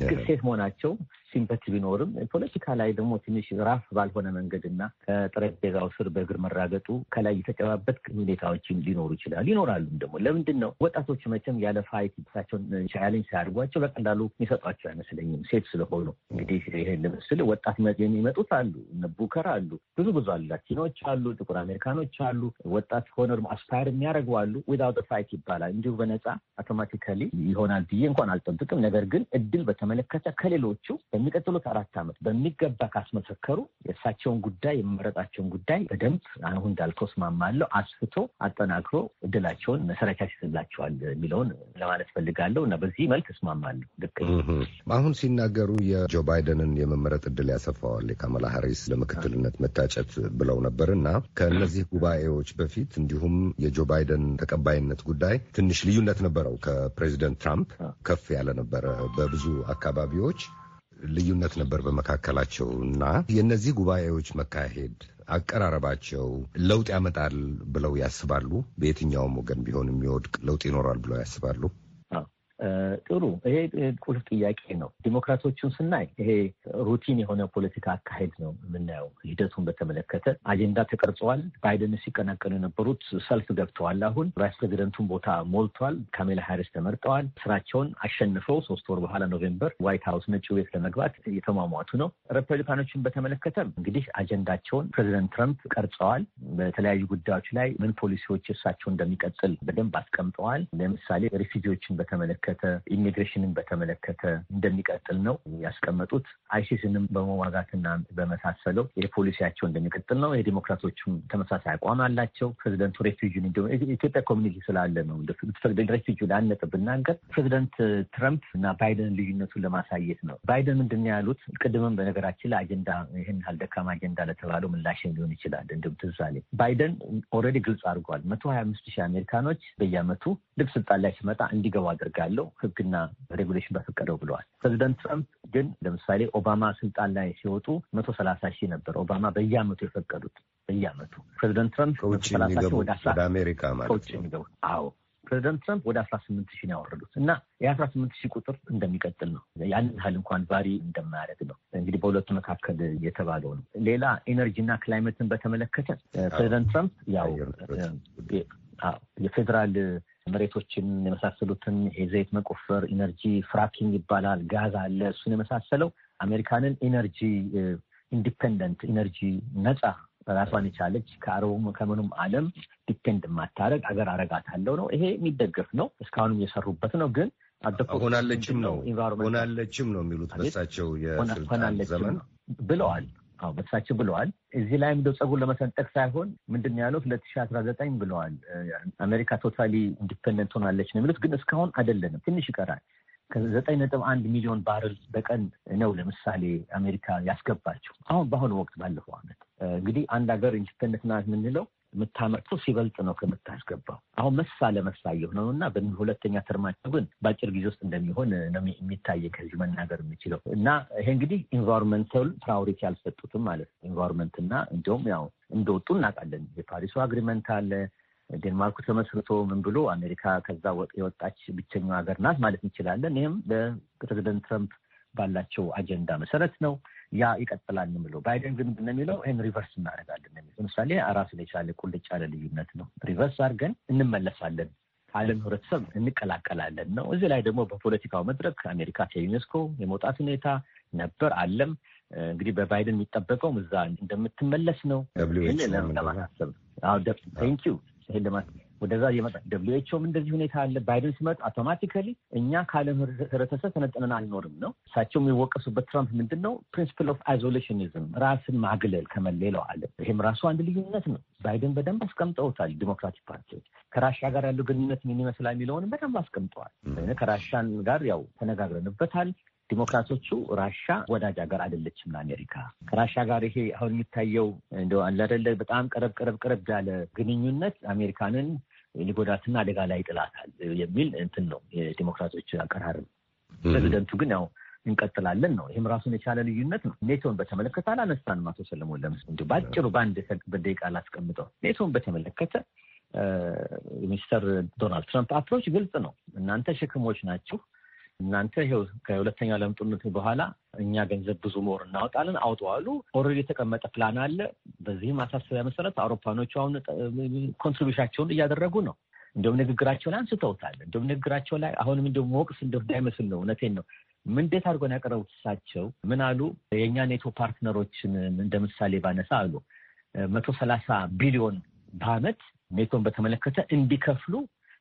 ክሴት መሆናቸው ሲምፐቲ ቢኖርም ፖለቲካ ላይ ደግሞ ትንሽ ራፍ ባልሆነ መንገድና ከጠረጴዛው ስር በእግር መራገጡ ከላይ የተጨባበት ሁኔታዎችም ሊኖሩ ይችላል ይኖራሉም ደግሞ ለምንድን ነው ወጣቶች መቼም ያለ ፋይት ሳቸውን ቻሌንጅ ሳያድጓቸው በቀላሉ የሚሰጧቸው አይመስለኝም ሴት ስለሆኑ እንግዲህ ይህን ልምስል ወጣት የሚመጡት አሉ እነ ቡከር አሉ ብዙ ብዙ አሉ ላቲኖች አሉ ጥቁር አሜሪካኖች አሉ ወጣት ሆነር አስፓየር የሚያደርጉ አሉ ዊዛውት ፋይት ይባላል እንዲሁ በነፃ አውቶማቲካሊ ይሆናል ብዬ እንኳን አልጠብቅም ነገር ግን እድል በተመለከተ ከሌሎቹ የሚቀጥሉት አራት ዓመት በሚገባ ካስመሰከሩ የእሳቸውን ጉዳይ የመረጣቸውን ጉዳይ በደንብ አሁን እንዳልከው እስማማለሁ አስፍቶ አጠናክሮ እድላቸውን መሰረቻ ሲስላቸዋል የሚለውን ለማለት ፈልጋለሁ እና በዚህ መልክ እስማማለሁ። ልክ አሁን ሲናገሩ የጆ ባይደንን የመመረጥ እድል ያሰፋዋል የካማላ ሀሪስ ለምክትልነት መታጨት ብለው ነበር እና ከእነዚህ ጉባኤዎች በፊት እንዲሁም የጆ ባይደን ተቀባይነት ጉዳይ ትንሽ ልዩነት ነበረው። ከፕሬዚደንት ትራምፕ ከፍ ያለ ነበረ በብዙ አካባቢዎች ልዩነት ነበር በመካከላቸው እና የእነዚህ ጉባኤዎች መካሄድ አቀራረባቸው ለውጥ ያመጣል ብለው ያስባሉ? በየትኛውም ወገን ቢሆን የሚወድቅ ለውጥ ይኖራል ብለው ያስባሉ? ጥሩ። ይሄ ቁልፍ ጥያቄ ነው። ዲሞክራቶቹን ስናይ ይሄ ሩቲን የሆነ ፖለቲካ አካሄድ ነው የምናየው። ሂደቱን በተመለከተ አጀንዳ ተቀርጸዋል። ባይደን ሲቀናቀኑ የነበሩት ሰልፍ ገብተዋል። አሁን ቫይስ ፕሬዚደንቱን ቦታ ሞልቷል። ካሜላ ሃሪስ ተመርጠዋል። ስራቸውን አሸንፈው ሶስት ወር በኋላ ኖቬምበር ዋይት ሀውስ ነጭው ቤት ለመግባት የተሟሟቱ ነው። ሪፐብሊካኖችን በተመለከተ እንግዲህ አጀንዳቸውን ፕሬዚደንት ትራምፕ ቀርጸዋል። በተለያዩ ጉዳዮች ላይ ምን ፖሊሲዎች እሳቸው እንደሚቀጥል በደንብ አስቀምጠዋል። ለምሳሌ ሪፊጂዎችን በተመለከተ በተመለከተ ኢሚግሬሽንን በተመለከተ እንደሚቀጥል ነው ያስቀመጡት። አይሲስንም በመዋጋትና በመሳሰለው የፖሊሲያቸው እንደሚቀጥል ነው። የዲሞክራቶቹም ተመሳሳይ አቋም አላቸው። ፕሬዚደንቱ ሬፊጂን እንዲሁ ኢትዮጵያ ኮሚኒቲ ስላለ ነው እንደፈቅደ ሬፊጂ ብናገር ፕሬዚደንት ትረምፕ እና ባይደን ልዩነቱን ለማሳየት ነው። ባይደን ምንድን ያሉት ቅድምም በነገራችን ላይ አጀንዳ ይህን አልደካማ አጀንዳ ለተባለው ምላሽ ሊሆን ይችላል። እንዲሁም ትዛሌ ባይደን ኦልሬዲ ግልጽ አድርጓል። መቶ ሀያ አምስት ሺህ አሜሪካኖች በየአመቱ ልብስ ስልጣን ላይ ሲመጣ እንዲገቡ አድርጋል ያለው ህግና ሬጉሌሽን በፈቀደው ብለዋል። ፕሬዚደንት ትራምፕ ግን ለምሳሌ ኦባማ ስልጣን ላይ ሲወጡ መቶ ሰላሳ ሺህ ነበር ኦባማ በየአመቱ የፈቀዱት በየአመቱ ፕሬዚደንት ትራምፕ ከውጭ የሚገቡ አዎ ፕሬዚደንት ትራምፕ ወደ አስራ ስምንት ሺህ ነው ያወረዱት እና የአስራ ስምንት ሺህ ቁጥር እንደሚቀጥል ነው። ያንን ያህል እንኳን ባሪ እንደማያደርግ ነው እንግዲህ በሁለቱ መካከል የተባለው ነው። ሌላ ኤነርጂ እና ክላይመትን በተመለከተ ፕሬዚደንት ትራምፕ ያው የፌዴራል መሬቶችን የመሳሰሉትን የዘይት መቆፈር ኢነርጂ ፍራኪንግ ይባላል። ጋዝ አለ። እሱን የመሳሰለው አሜሪካንን ኢነርጂ ኢንዲፐንደንት ኢነርጂ ነፃ በራሷን የቻለች ከአረቡም ከምኑም ዓለም ዲፔንድ የማታደረግ አገር አረጋታለሁ ነው። ይሄ የሚደገፍ ነው። እስካሁንም እየሰሩበት ነው ግን ሆናለችም ነው ሆናለችም ነው የሚሉት በሳቸው የስልጣን ዘመን ብለዋል። አዎ በሳቸው ብለዋል። እዚህ ላይ እንደው ጸጉር ለመሰንጠቅ ሳይሆን ምንድን ያለው ሁለት ሺ አስራ ዘጠኝ ብለዋል። አሜሪካ ቶታሊ ኢንዲፐንደንት ሆናለች ነው የሚሉት፣ ግን እስካሁን አይደለንም፣ ትንሽ ይቀራል። ከዘጠኝ ነጥብ አንድ ሚሊዮን ባርል በቀን ነው ለምሳሌ አሜሪካ ያስገባቸው አሁን በአሁኑ ወቅት ባለፈው አመት እንግዲህ አንድ ሀገር ኢንዲፐንደንት ናት የምንለው የምታመርተው ሲበልጥ ነው ከምታስገባው። አሁን መሳ ለመሳ እየሆነው እና ሁለተኛ ተርማቸው ግን በአጭር ጊዜ ውስጥ እንደሚሆን የሚታየ ከዚህ መናገር የሚችለው እና ይሄ እንግዲህ ኢንቫይሮንመንታል ፕራዮሪቲ አልሰጡትም ማለት ነው። ኢንቫይሮንመንት እና እንዲሁም ያው እንደወጡ እናውቃለን። የፓሪሱ አግሪመንት አለ ዴንማርኩ ተመስርቶ ምን ብሎ አሜሪካ ከዛ የወጣች ብቸኛው ሀገር ናት ማለት እንችላለን። ይህም በፕሬዚደንት ትረምፕ ባላቸው አጀንዳ መሰረት ነው። ያ ይቀጥላል የምለው ባይደን ግን እንደሚለው ይህን ሪቨርስ እናደርጋለን የሚለው ለምሳሌ ራሱን የቻለ ቁልጭ ያለ ልዩነት ነው። ሪቨርስ አድርገን እንመለሳለን ዓለም ህብረተሰብ እንቀላቀላለን ነው። እዚህ ላይ ደግሞ በፖለቲካው መድረክ አሜሪካ ከዩኔስኮ የመውጣት ሁኔታ ነበር አለም። እንግዲህ በባይደን የሚጠበቀውም እዛ እንደምትመለስ ነው። ለማሳሰብ ይህን ለማሳሰብ ወደዛ ይመጣል። ደብሊው ኤች ኦም እንደዚህ ሁኔታ አለ። ባይደን ሲመጣ አውቶማቲካሊ እኛ ከዓለም ህብረተሰብ ተነጥነን አልኖርም ነው። እሳቸው የሚወቀሱበት ትራምፕ ምንድን ነው ፕሪንስፕል ኦፍ አይዞሌሽኒዝም ራስን ማግለል ከመሌለው አለ። ይሄም ራሱ አንድ ልዩነት ነው። ባይደን በደንብ አስቀምጠውታል። ዲሞክራቲክ ፓርቲዎች ከራሻ ጋር ያለው ግንኙነት ምን ይመስላል የሚለውንም በደንብ አስቀምጠዋል። ከራሻን ጋር ያው ተነጋግረንበታል። ዲሞክራቶቹ ራሻ ወዳጅ ሀገር አይደለችም ለአሜሪካ። ከራሻ ጋር ይሄ አሁን የሚታየው እንደ አለ በጣም ቀረብ ቀረብ ቀረብ ያለ ግንኙነት አሜሪካንን ሊጎዳትና አደጋ ላይ ጥላታል የሚል እንትን ነው የዲሞክራቶች አቀራረብ። ፕሬዚደንቱ ግን ያው እንቀጥላለን ነው። ይህም ራሱን የቻለ ልዩነት ነው። ኔቶን በተመለከተ አላነሳንም። አቶ ሰለሞን ለምስ እንዲሁ በአጭሩ በአንድ በደቂቃ ላስቀምጠው። ኔቶን በተመለከተ ሚስተር ዶናልድ ትራምፕ አፕሮች ግልጽ ነው። እናንተ ሸክሞች ናችሁ እናንተ ይኸው ከሁለተኛ ዓለም ጦርነት በኋላ እኛ ገንዘብ ብዙ ሞር እናወጣለን አውጡ አሉ። ኦልሬዲ የተቀመጠ ፕላን አለ። በዚህም ማሳሰቢያ መሰረት አውሮፓኖቹ አሁን ኮንትሪቢሽናቸውን እያደረጉ ነው። እንደውም ንግግራቸው ላይ አንስተውታል። እንደውም ንግግራቸው ላይ አሁንም እንደ ወቅስ እንደ እንዳይመስል ነው። እውነቴን ነው። ምን እንዴት አድርጎን ያቀረቡት እሳቸው ምን አሉ? የእኛ ኔቶ ፓርትነሮችን እንደ ምሳሌ ባነሳ አሉ መቶ ሰላሳ ቢሊዮን በአመት ኔቶን በተመለከተ እንዲከፍሉ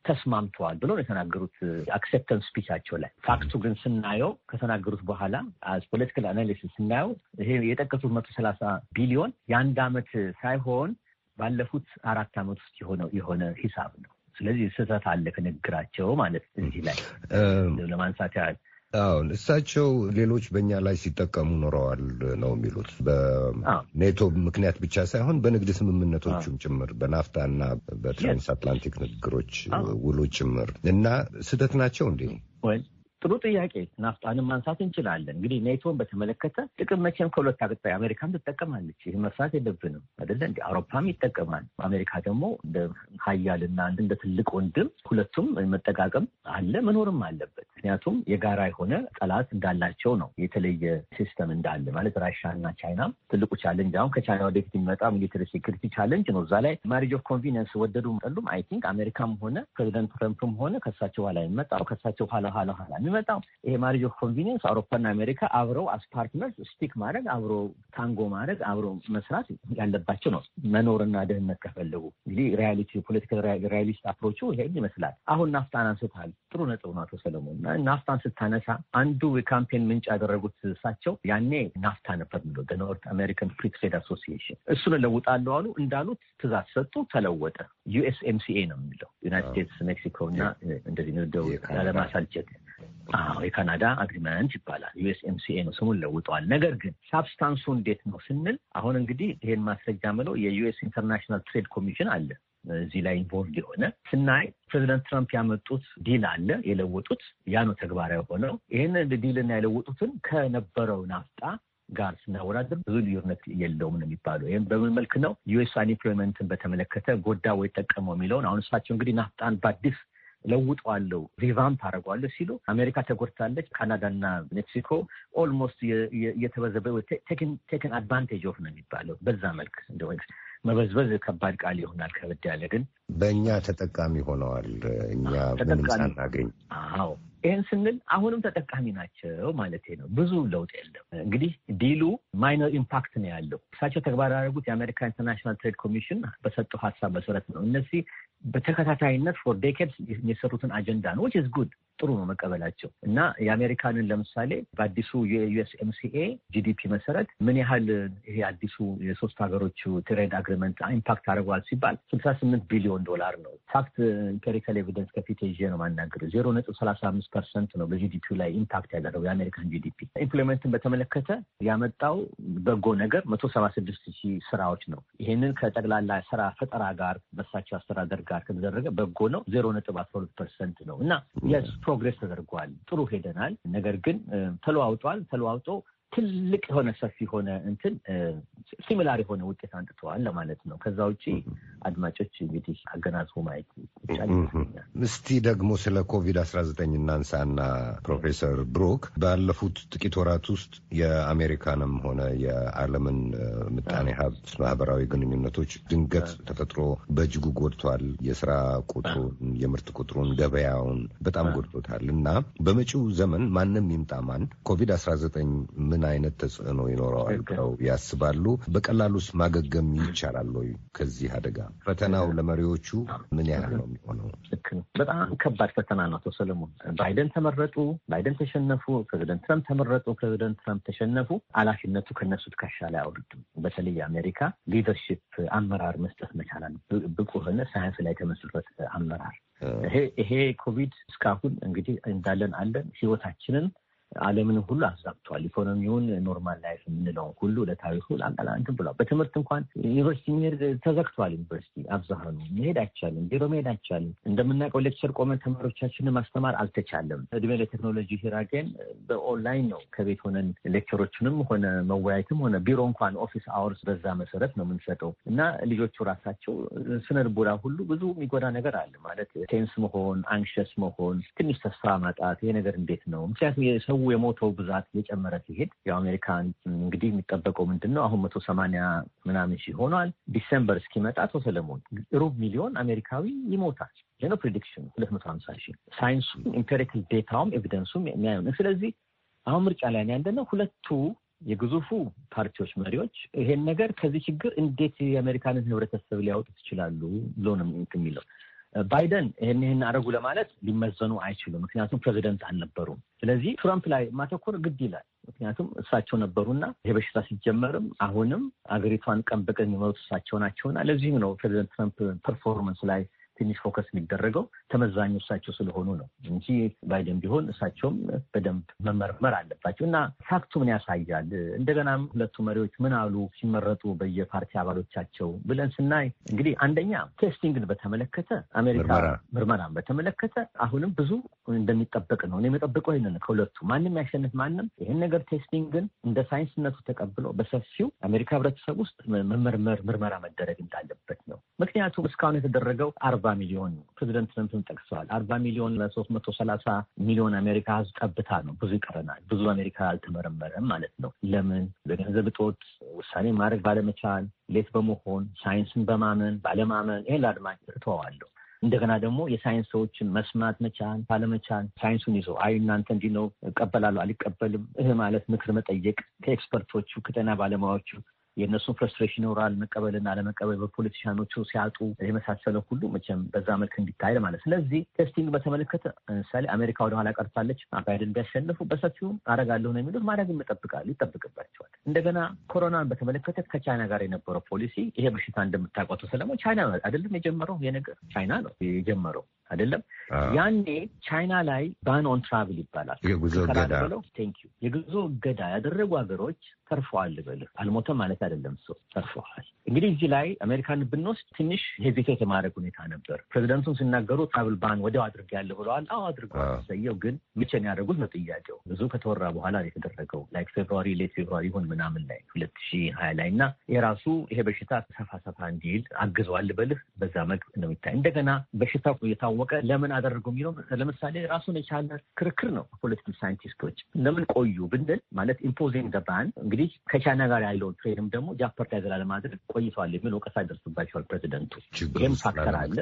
ተስማምተዋል ብሎ የተናገሩት አክሴፕተንስ ስፒቻቸው ላይ። ፋክቱ ግን ስናየው ከተናገሩት በኋላ ፖለቲካል አናሊሲስ ስናየው ይሄ የጠቀሱት መቶ ሰላሳ ቢሊዮን የአንድ ዓመት ሳይሆን ባለፉት አራት ዓመት ውስጥ የሆነ የሆነ ሂሳብ ነው። ስለዚህ ስህተት አለ ከንግግራቸው ማለት እዚህ ላይ ለማንሳት ያህል አሁን እሳቸው ሌሎች በእኛ ላይ ሲጠቀሙ ኖረዋል ነው የሚሉት። በኔቶ ምክንያት ብቻ ሳይሆን በንግድ ስምምነቶቹም ጭምር በናፍታና በትራንስ አትላንቲክ ንግግሮች ውሉ ጭምር እና ስህተት ናቸው እንዴ? ጥሩ ጥያቄ። ናፍጣንም ማንሳት እንችላለን። እንግዲህ ኔቶን በተመለከተ ጥቅም መቼም ከሁለት አቅጣጫ አሜሪካም ትጠቀማለች። ይህ መፍራት የለብንም አደለ እንዲ አውሮፓም ይጠቀማል። አሜሪካ ደግሞ እንደ ሀያልና እንደ ትልቅ ወንድም ሁለቱም መጠቃቀም አለ መኖርም አለበት። ምክንያቱም የጋራ የሆነ ጠላት እንዳላቸው ነው። የተለየ ሲስተም እንዳለ ማለት እና ቻይና ትልቁ ቻለንጅ አሁን ከቻይና ወደፊት የሚመጣ ሚሊተሪ ሴኩሪቲ ቻለንጅ ነው። እዛ ላይ ማሪጅ ኦፍ ኮንቪኒየንስ ወደዱ ጠሉም አይ ቲንክ አሜሪካም ሆነ ፕሬዚደንት ትረምፕም ሆነ ከሳቸው ኋላ የሚመጣው ከሳቸው ኋላ ኋላ ኋላ የሚመጣው ይሄ ማሪጅ ኦፍ ኮንቪኒየንስ አውሮፓና አሜሪካ አብረው አስፓርትመንት ስቲክ ማድረግ አብሮ ታንጎ ማድረግ አብሮ መስራት ያለባቸው ነው። መኖርና ደህንነት ከፈለጉ እንግዲህ ሪያሊቲ ፖለቲካል ሪያሊስት አፕሮቹ ይሄን ይመስላል። አሁን ናፍጣን አንስታል። ጥሩ ነጥብ ነው አቶ ሰለሞን። ናፍጣን ስታነሳ አንዱ የካምፔን ምንጭ ያደረጉት እሳቸው ያኔ ናፍታ ነበር የሚለው ኖርት አሜሪካን ፍሪ ትሬድ አሶሲዬሽን እሱን ለውጣለሁ አሉ። እንዳሉት ትእዛዝ ሰጡ፣ ተለወጠ። ዩኤስኤምሲኤ ነው የሚለው ዩናይትድ ስቴትስ ሜክሲኮ እና እንደዚህ ንደው ላለማሳልጨት የካናዳ አግሪመንት ይባላል። ዩኤስኤምሲኤ ነው ስሙን ለውጠዋል። ነገር ግን ሳብስታንሱ እንዴት ነው ስንል አሁን እንግዲህ ይሄን ማስረጃ ምለው የዩኤስ ኢንተርናሽናል ትሬድ ኮሚሽን አለ እዚህ ላይ ኢንቮልቭ የሆነ ስናይ ፕሬዚደንት ትራምፕ ያመጡት ዲል አለ የለወጡት ያ ነው ተግባራዊ ሆነው ይህንን ዲልና የለወጡትን ከነበረው ናፍጣ ጋር ስናወዳደር ብዙ ልዩነት የለውም ነው የሚባለው። ይህም በምን መልክ ነው ዩኤስ አንኢምፕሎይመንትን በተመለከተ ጎዳ ወይ ጠቀመው የሚለውን አሁን እሳቸው እንግዲህ ናፍጣን በአዲስ ለውጠዋለሁ፣ ሪቫምፕ አደርገዋለሁ ሲሉ አሜሪካ ተጎድታለች። ካናዳና ሜክሲኮ ኦልሞስት የተበዘበ ቴክን አድቫንቴጅ ኦፍ ነው የሚባለው በዛ መልክ እንደ መበዝበዝ ከባድ ቃል ይሆናል ከበድ ያለ ግን በእኛ ተጠቃሚ ሆነዋል። እኛ ምንም ሳናገኝ አዎ። ይህን ስንል አሁንም ተጠቃሚ ናቸው ማለት ነው። ብዙ ለውጥ የለም። እንግዲህ ዲሉ ማይነር ኢምፓክት ነው ያለው። እሳቸው ተግባር ያደረጉት የአሜሪካ ኢንተርናሽናል ትሬድ ኮሚሽን በሰጠው ሀሳብ መሰረት ነው። እነዚህ በተከታታይነት ፎር ዴኬድስ የሰሩትን አጀንዳ ነው ዊች ኢዝ ጉድ ጥሩ ነው መቀበላቸው እና የአሜሪካንን ለምሳሌ በአዲሱ የዩኤስኤምሲኤ ጂዲፒ መሰረት ምን ያህል ይሄ አዲሱ የሶስት ሀገሮቹ ትሬድ አግሪመንት ኢምፓክት አድርጓል ሲባል ስልሳ ስምንት ቢሊዮን ቢሊዮን ዶላር ነው። ፋክት ኢምፔሪካል ኤቪደንስ ከፊት ይዤ ነው ማናገር። ዜሮ ነጥብ ሰላሳ አምስት ፐርሰንት ነው በጂዲፒ ላይ ኢምፓክት ያደረገው የአሜሪካን ጂዲፒ። ኢምፕሎይመንትን በተመለከተ ያመጣው በጎ ነገር መቶ ሰባ ስድስት ሺህ ስራዎች ነው። ይሄንን ከጠቅላላ ስራ ፈጠራ ጋር በሳቸው አስተዳደር ጋር ከተደረገ በጎ ነው። ዜሮ ነጥብ አስራ ሁለት ፐርሰንት ነው እና የስ ፕሮግሬስ ተደርጓል። ጥሩ ሄደናል። ነገር ግን ተለዋውጧል። ተለዋውጦ ትልቅ የሆነ ሰፊ የሆነ እንትን ሲሚላር የሆነ ውጤት አንጥተዋል ለማለት ነው። ከዛ ውጭ አድማጮች እንግዲህ አገናዝቦ ማየት ይቻል እስቲ ደግሞ ስለ ኮቪድ አስራ ዘጠኝ እናንሳና ፕሮፌሰር ብሩክ ባለፉት ጥቂት ወራት ውስጥ የአሜሪካንም ሆነ የዓለምን ምጣኔ ሀብት ማህበራዊ ግንኙነቶች ድንገት ተፈጥሮ በእጅጉ ጎድቷል። የስራ ቁጥሩን፣ የምርት ቁጥሩን፣ ገበያውን በጣም ጎድቶታል እና በመጪው ዘመን ማንም ይምጣ ማን ኮቪድ አስራ ዘጠኝ ምን ምን አይነት ተጽዕኖ ይኖረዋል ብለው ያስባሉ? በቀላሉስ ማገገም ይቻላል ወይ ከዚህ አደጋ? ፈተናው ለመሪዎቹ ምን ያህል ነው የሚሆነው? በጣም ከባድ ፈተና ነው። አቶ ሰለሞን፣ ባይደን ተመረጡ፣ ባይደን ተሸነፉ፣ ፕሬዚደንት ትራምፕ ተመረጡ፣ ፕሬዚደንት ትራምፕ ተሸነፉ፣ ኃላፊነቱ ከነሱ ትከሻ ላይ አውርድም። በተለይ አሜሪካ ሊደርሽፕ አመራር መስጠት መቻላል ብቁ የሆነ ሳይንስ ላይ የተመሰረተ አመራር ይሄ ኮቪድ እስካሁን እንግዲህ እንዳለን አለን ህይወታችንን ዓለምን ሁሉ አዛብቷል። ኢኮኖሚውን፣ ኖርማል ላይፍ የምንለውን ሁሉ ለታሪክ አንቀላንትን ብሏል። በትምህርት እንኳን ዩኒቨርሲቲ መሄድ ተዘግቷል። ዩኒቨርሲቲ አብዛኑ መሄድ አይቻልም፣ ቢሮ መሄድ አይቻልም። እንደምናውቀው ሌክቸር ቆመን ተማሪዎቻችንን ማስተማር አልተቻለም። እድሜ ለቴክኖሎጂ ግን በኦንላይን ነው ከቤት ሆነን ሌክቸሮችንም ሆነ መወያየትም ሆነ ቢሮ እንኳን ኦፊስ አወርስ በዛ መሰረት ነው የምንሰጠው እና ልጆቹ ራሳቸው ስነልቦና ሁሉ ብዙ የሚጎዳ ነገር አለ ማለት ቴንስ መሆን፣ አንክሸስ መሆን፣ ትንሽ ተስፋ ማጣት ይሄ ነገር እንዴት ነው ምክንያቱም የሞተው ብዛት እየጨመረ ሲሄድ የአሜሪካ እንግዲህ የሚጠበቀው ምንድን ነው? አሁን መቶ ሰማንያ ምናምን ሲሆኗል ዲሰምበር እስኪመጣ አቶ ሰለሞን ሩብ ሚሊዮን አሜሪካዊ ይሞታል። ይህ ነው ሁለት መቶ ሀምሳ ሺህ ሳይንሱ ኢምፔሪካል ዴታውም ኤቪደንሱም የሚያዩ ነው። ስለዚህ አሁን ምርጫ ላይ ያንደ ነው ሁለቱ የግዙፉ ፓርቲዎች መሪዎች ይሄን ነገር ከዚህ ችግር እንዴት የአሜሪካንን ህብረተሰብ ሊያወጡት ይችላሉ ብሎ ነው የሚለው ባይደን ይህን ይህን አደረጉ ለማለት ሊመዘኑ አይችሉም፣ ምክንያቱም ፕሬዚደንት አልነበሩም። ስለዚህ ትራምፕ ላይ ማተኮር ግድ ይላል፣ ምክንያቱም እሳቸው ነበሩና ይሄ በሽታ ሲጀመርም አሁንም አገሪቷን ቀን በቀን የሚመሩት እሳቸው ናቸውና። ለዚህም ነው ፕሬዚደንት ትራምፕ ፐርፎርመንስ ላይ ትንሽ ፎከስ የሚደረገው ተመዛኙ እሳቸው ስለሆኑ ነው እንጂ ባይደን ቢሆን እሳቸውም በደንብ መመርመር አለባቸው እና ፋክቱ ምን ያሳያል? እንደገናም ሁለቱ መሪዎች ምን አሉ ሲመረጡ በየፓርቲ አባሎቻቸው ብለን ስናይ እንግዲህ አንደኛ ቴስቲንግን በተመለከተ አሜሪካ ምርመራን በተመለከተ አሁንም ብዙ እንደሚጠበቅ ነው። እኔ የምጠብቀው ይህንን ከሁለቱ ማንም ያሸንፍ ማንም ይህን ነገር ቴስቲንግን እንደ ሳይንስነቱ ተቀብሎ በሰፊው አሜሪካ ህብረተሰብ ውስጥ መመርመር ምርመራ መደረግ እንዳለበት ነው። ምክንያቱም እስካሁን የተደረገው አርባ ሚሊዮን ፕሬዚደንት ትናንትም ጠቅሰዋል። አርባ ሚሊዮን ለሶስት መቶ ሰላሳ ሚሊዮን አሜሪካ ህዝብ ጠብታ ነው። ብዙ ይቀረናል። ብዙ አሜሪካ አልተመረመረም ማለት ነው። ለምን በገንዘብ እጦት ውሳኔ ማድረግ ባለመቻል፣ ሌት በመሆን፣ ሳይንስን በማመን ባለማመን፣ ይህን ለአድማጭ እተዋዋለሁ። እንደገና ደግሞ የሳይንስ ሰዎችን መስማት መቻል ባለመቻል ሳይንሱን ይዞ አይ እናንተ እንዲህ ነው እቀበላለሁ አልቀበልም። ይህ ማለት ምክር መጠየቅ ከኤክስፐርቶቹ ከጤና ባለሙያዎቹ የእነሱን ፍረስትሬሽን ይኖራል። መቀበልና ለመቀበል በፖለቲሽያኖቹ ሲያጡ የመሳሰለ ሁሉ መቼም በዛ መልክ እንዲታይል ማለት። ስለዚህ ቴስቲንግ በተመለከተ ለምሳሌ አሜሪካ ወደኋላ ቀርታለች፣ ባይደን ቢያሸንፉ በሰፊውም አደርጋለሁ ነው የሚሉት። ማድረግ ይጠብቃል ይጠብቅባቸዋል። እንደገና ኮሮናን በተመለከተ ከቻይና ጋር የነበረው ፖሊሲ ይሄ በሽታ እንደምታውቋቸው ስለሞ ቻይና አይደለም የጀመረው ይሄ ነገር ቻይና ነው የጀመረው አይደለም። ያኔ ቻይና ላይ ባን ኦን ትራቭል ይባላል የጉዞ እገዳ የጉዞ እገዳ ያደረጉ ሀገሮች ተርፈዋል። ልበልህ አልሞተም ማለት ማለት አይደለም ሰው ተርፈዋል። እንግዲህ እዚህ ላይ አሜሪካን ብንወስድ ትንሽ ሄዚቴት የማድረግ ሁኔታ ነበር። ፕሬዚደንቱን ሲናገሩ ትራቭል ባን ወዲያው ያለ ብለዋል። አዎ አድርገዋል፣ ሰየው ግን ምቸን ነው ያደረጉት ነው ጥያቄው። ብዙ ከተወራ በኋላ የተደረገው ላይክ ፌብሩዋሪ ሌት ፌብሩዋሪ ይሁን ምናምን ላይ ሁለት ሺህ ሀያ ላይ እና የራሱ ይሄ በሽታ ሰፋ ሰፋ እንዲል አግዘዋል በልህ በዛ መግ ነው የሚታይ እንደገና በሽታ የታወቀ ለምን አደረጉ የሚለው ለምሳሌ ራሱን የቻለ ክርክር ነው። ፖለቲካል ሳይንቲስቶች ለምን ቆዩ ብንል ማለት ኢምፖዚንግ ዘ ባን እንግዲህ ከቻይና ጋር ያለውን ትሬድም ደግሞ ጃፐርዳይዝ ላለማድረግ ቆይተዋል የሚል ወቀሳ ይደርስባቸዋል ፕሬዚደንቱ። ይህም ፋክተር አለ።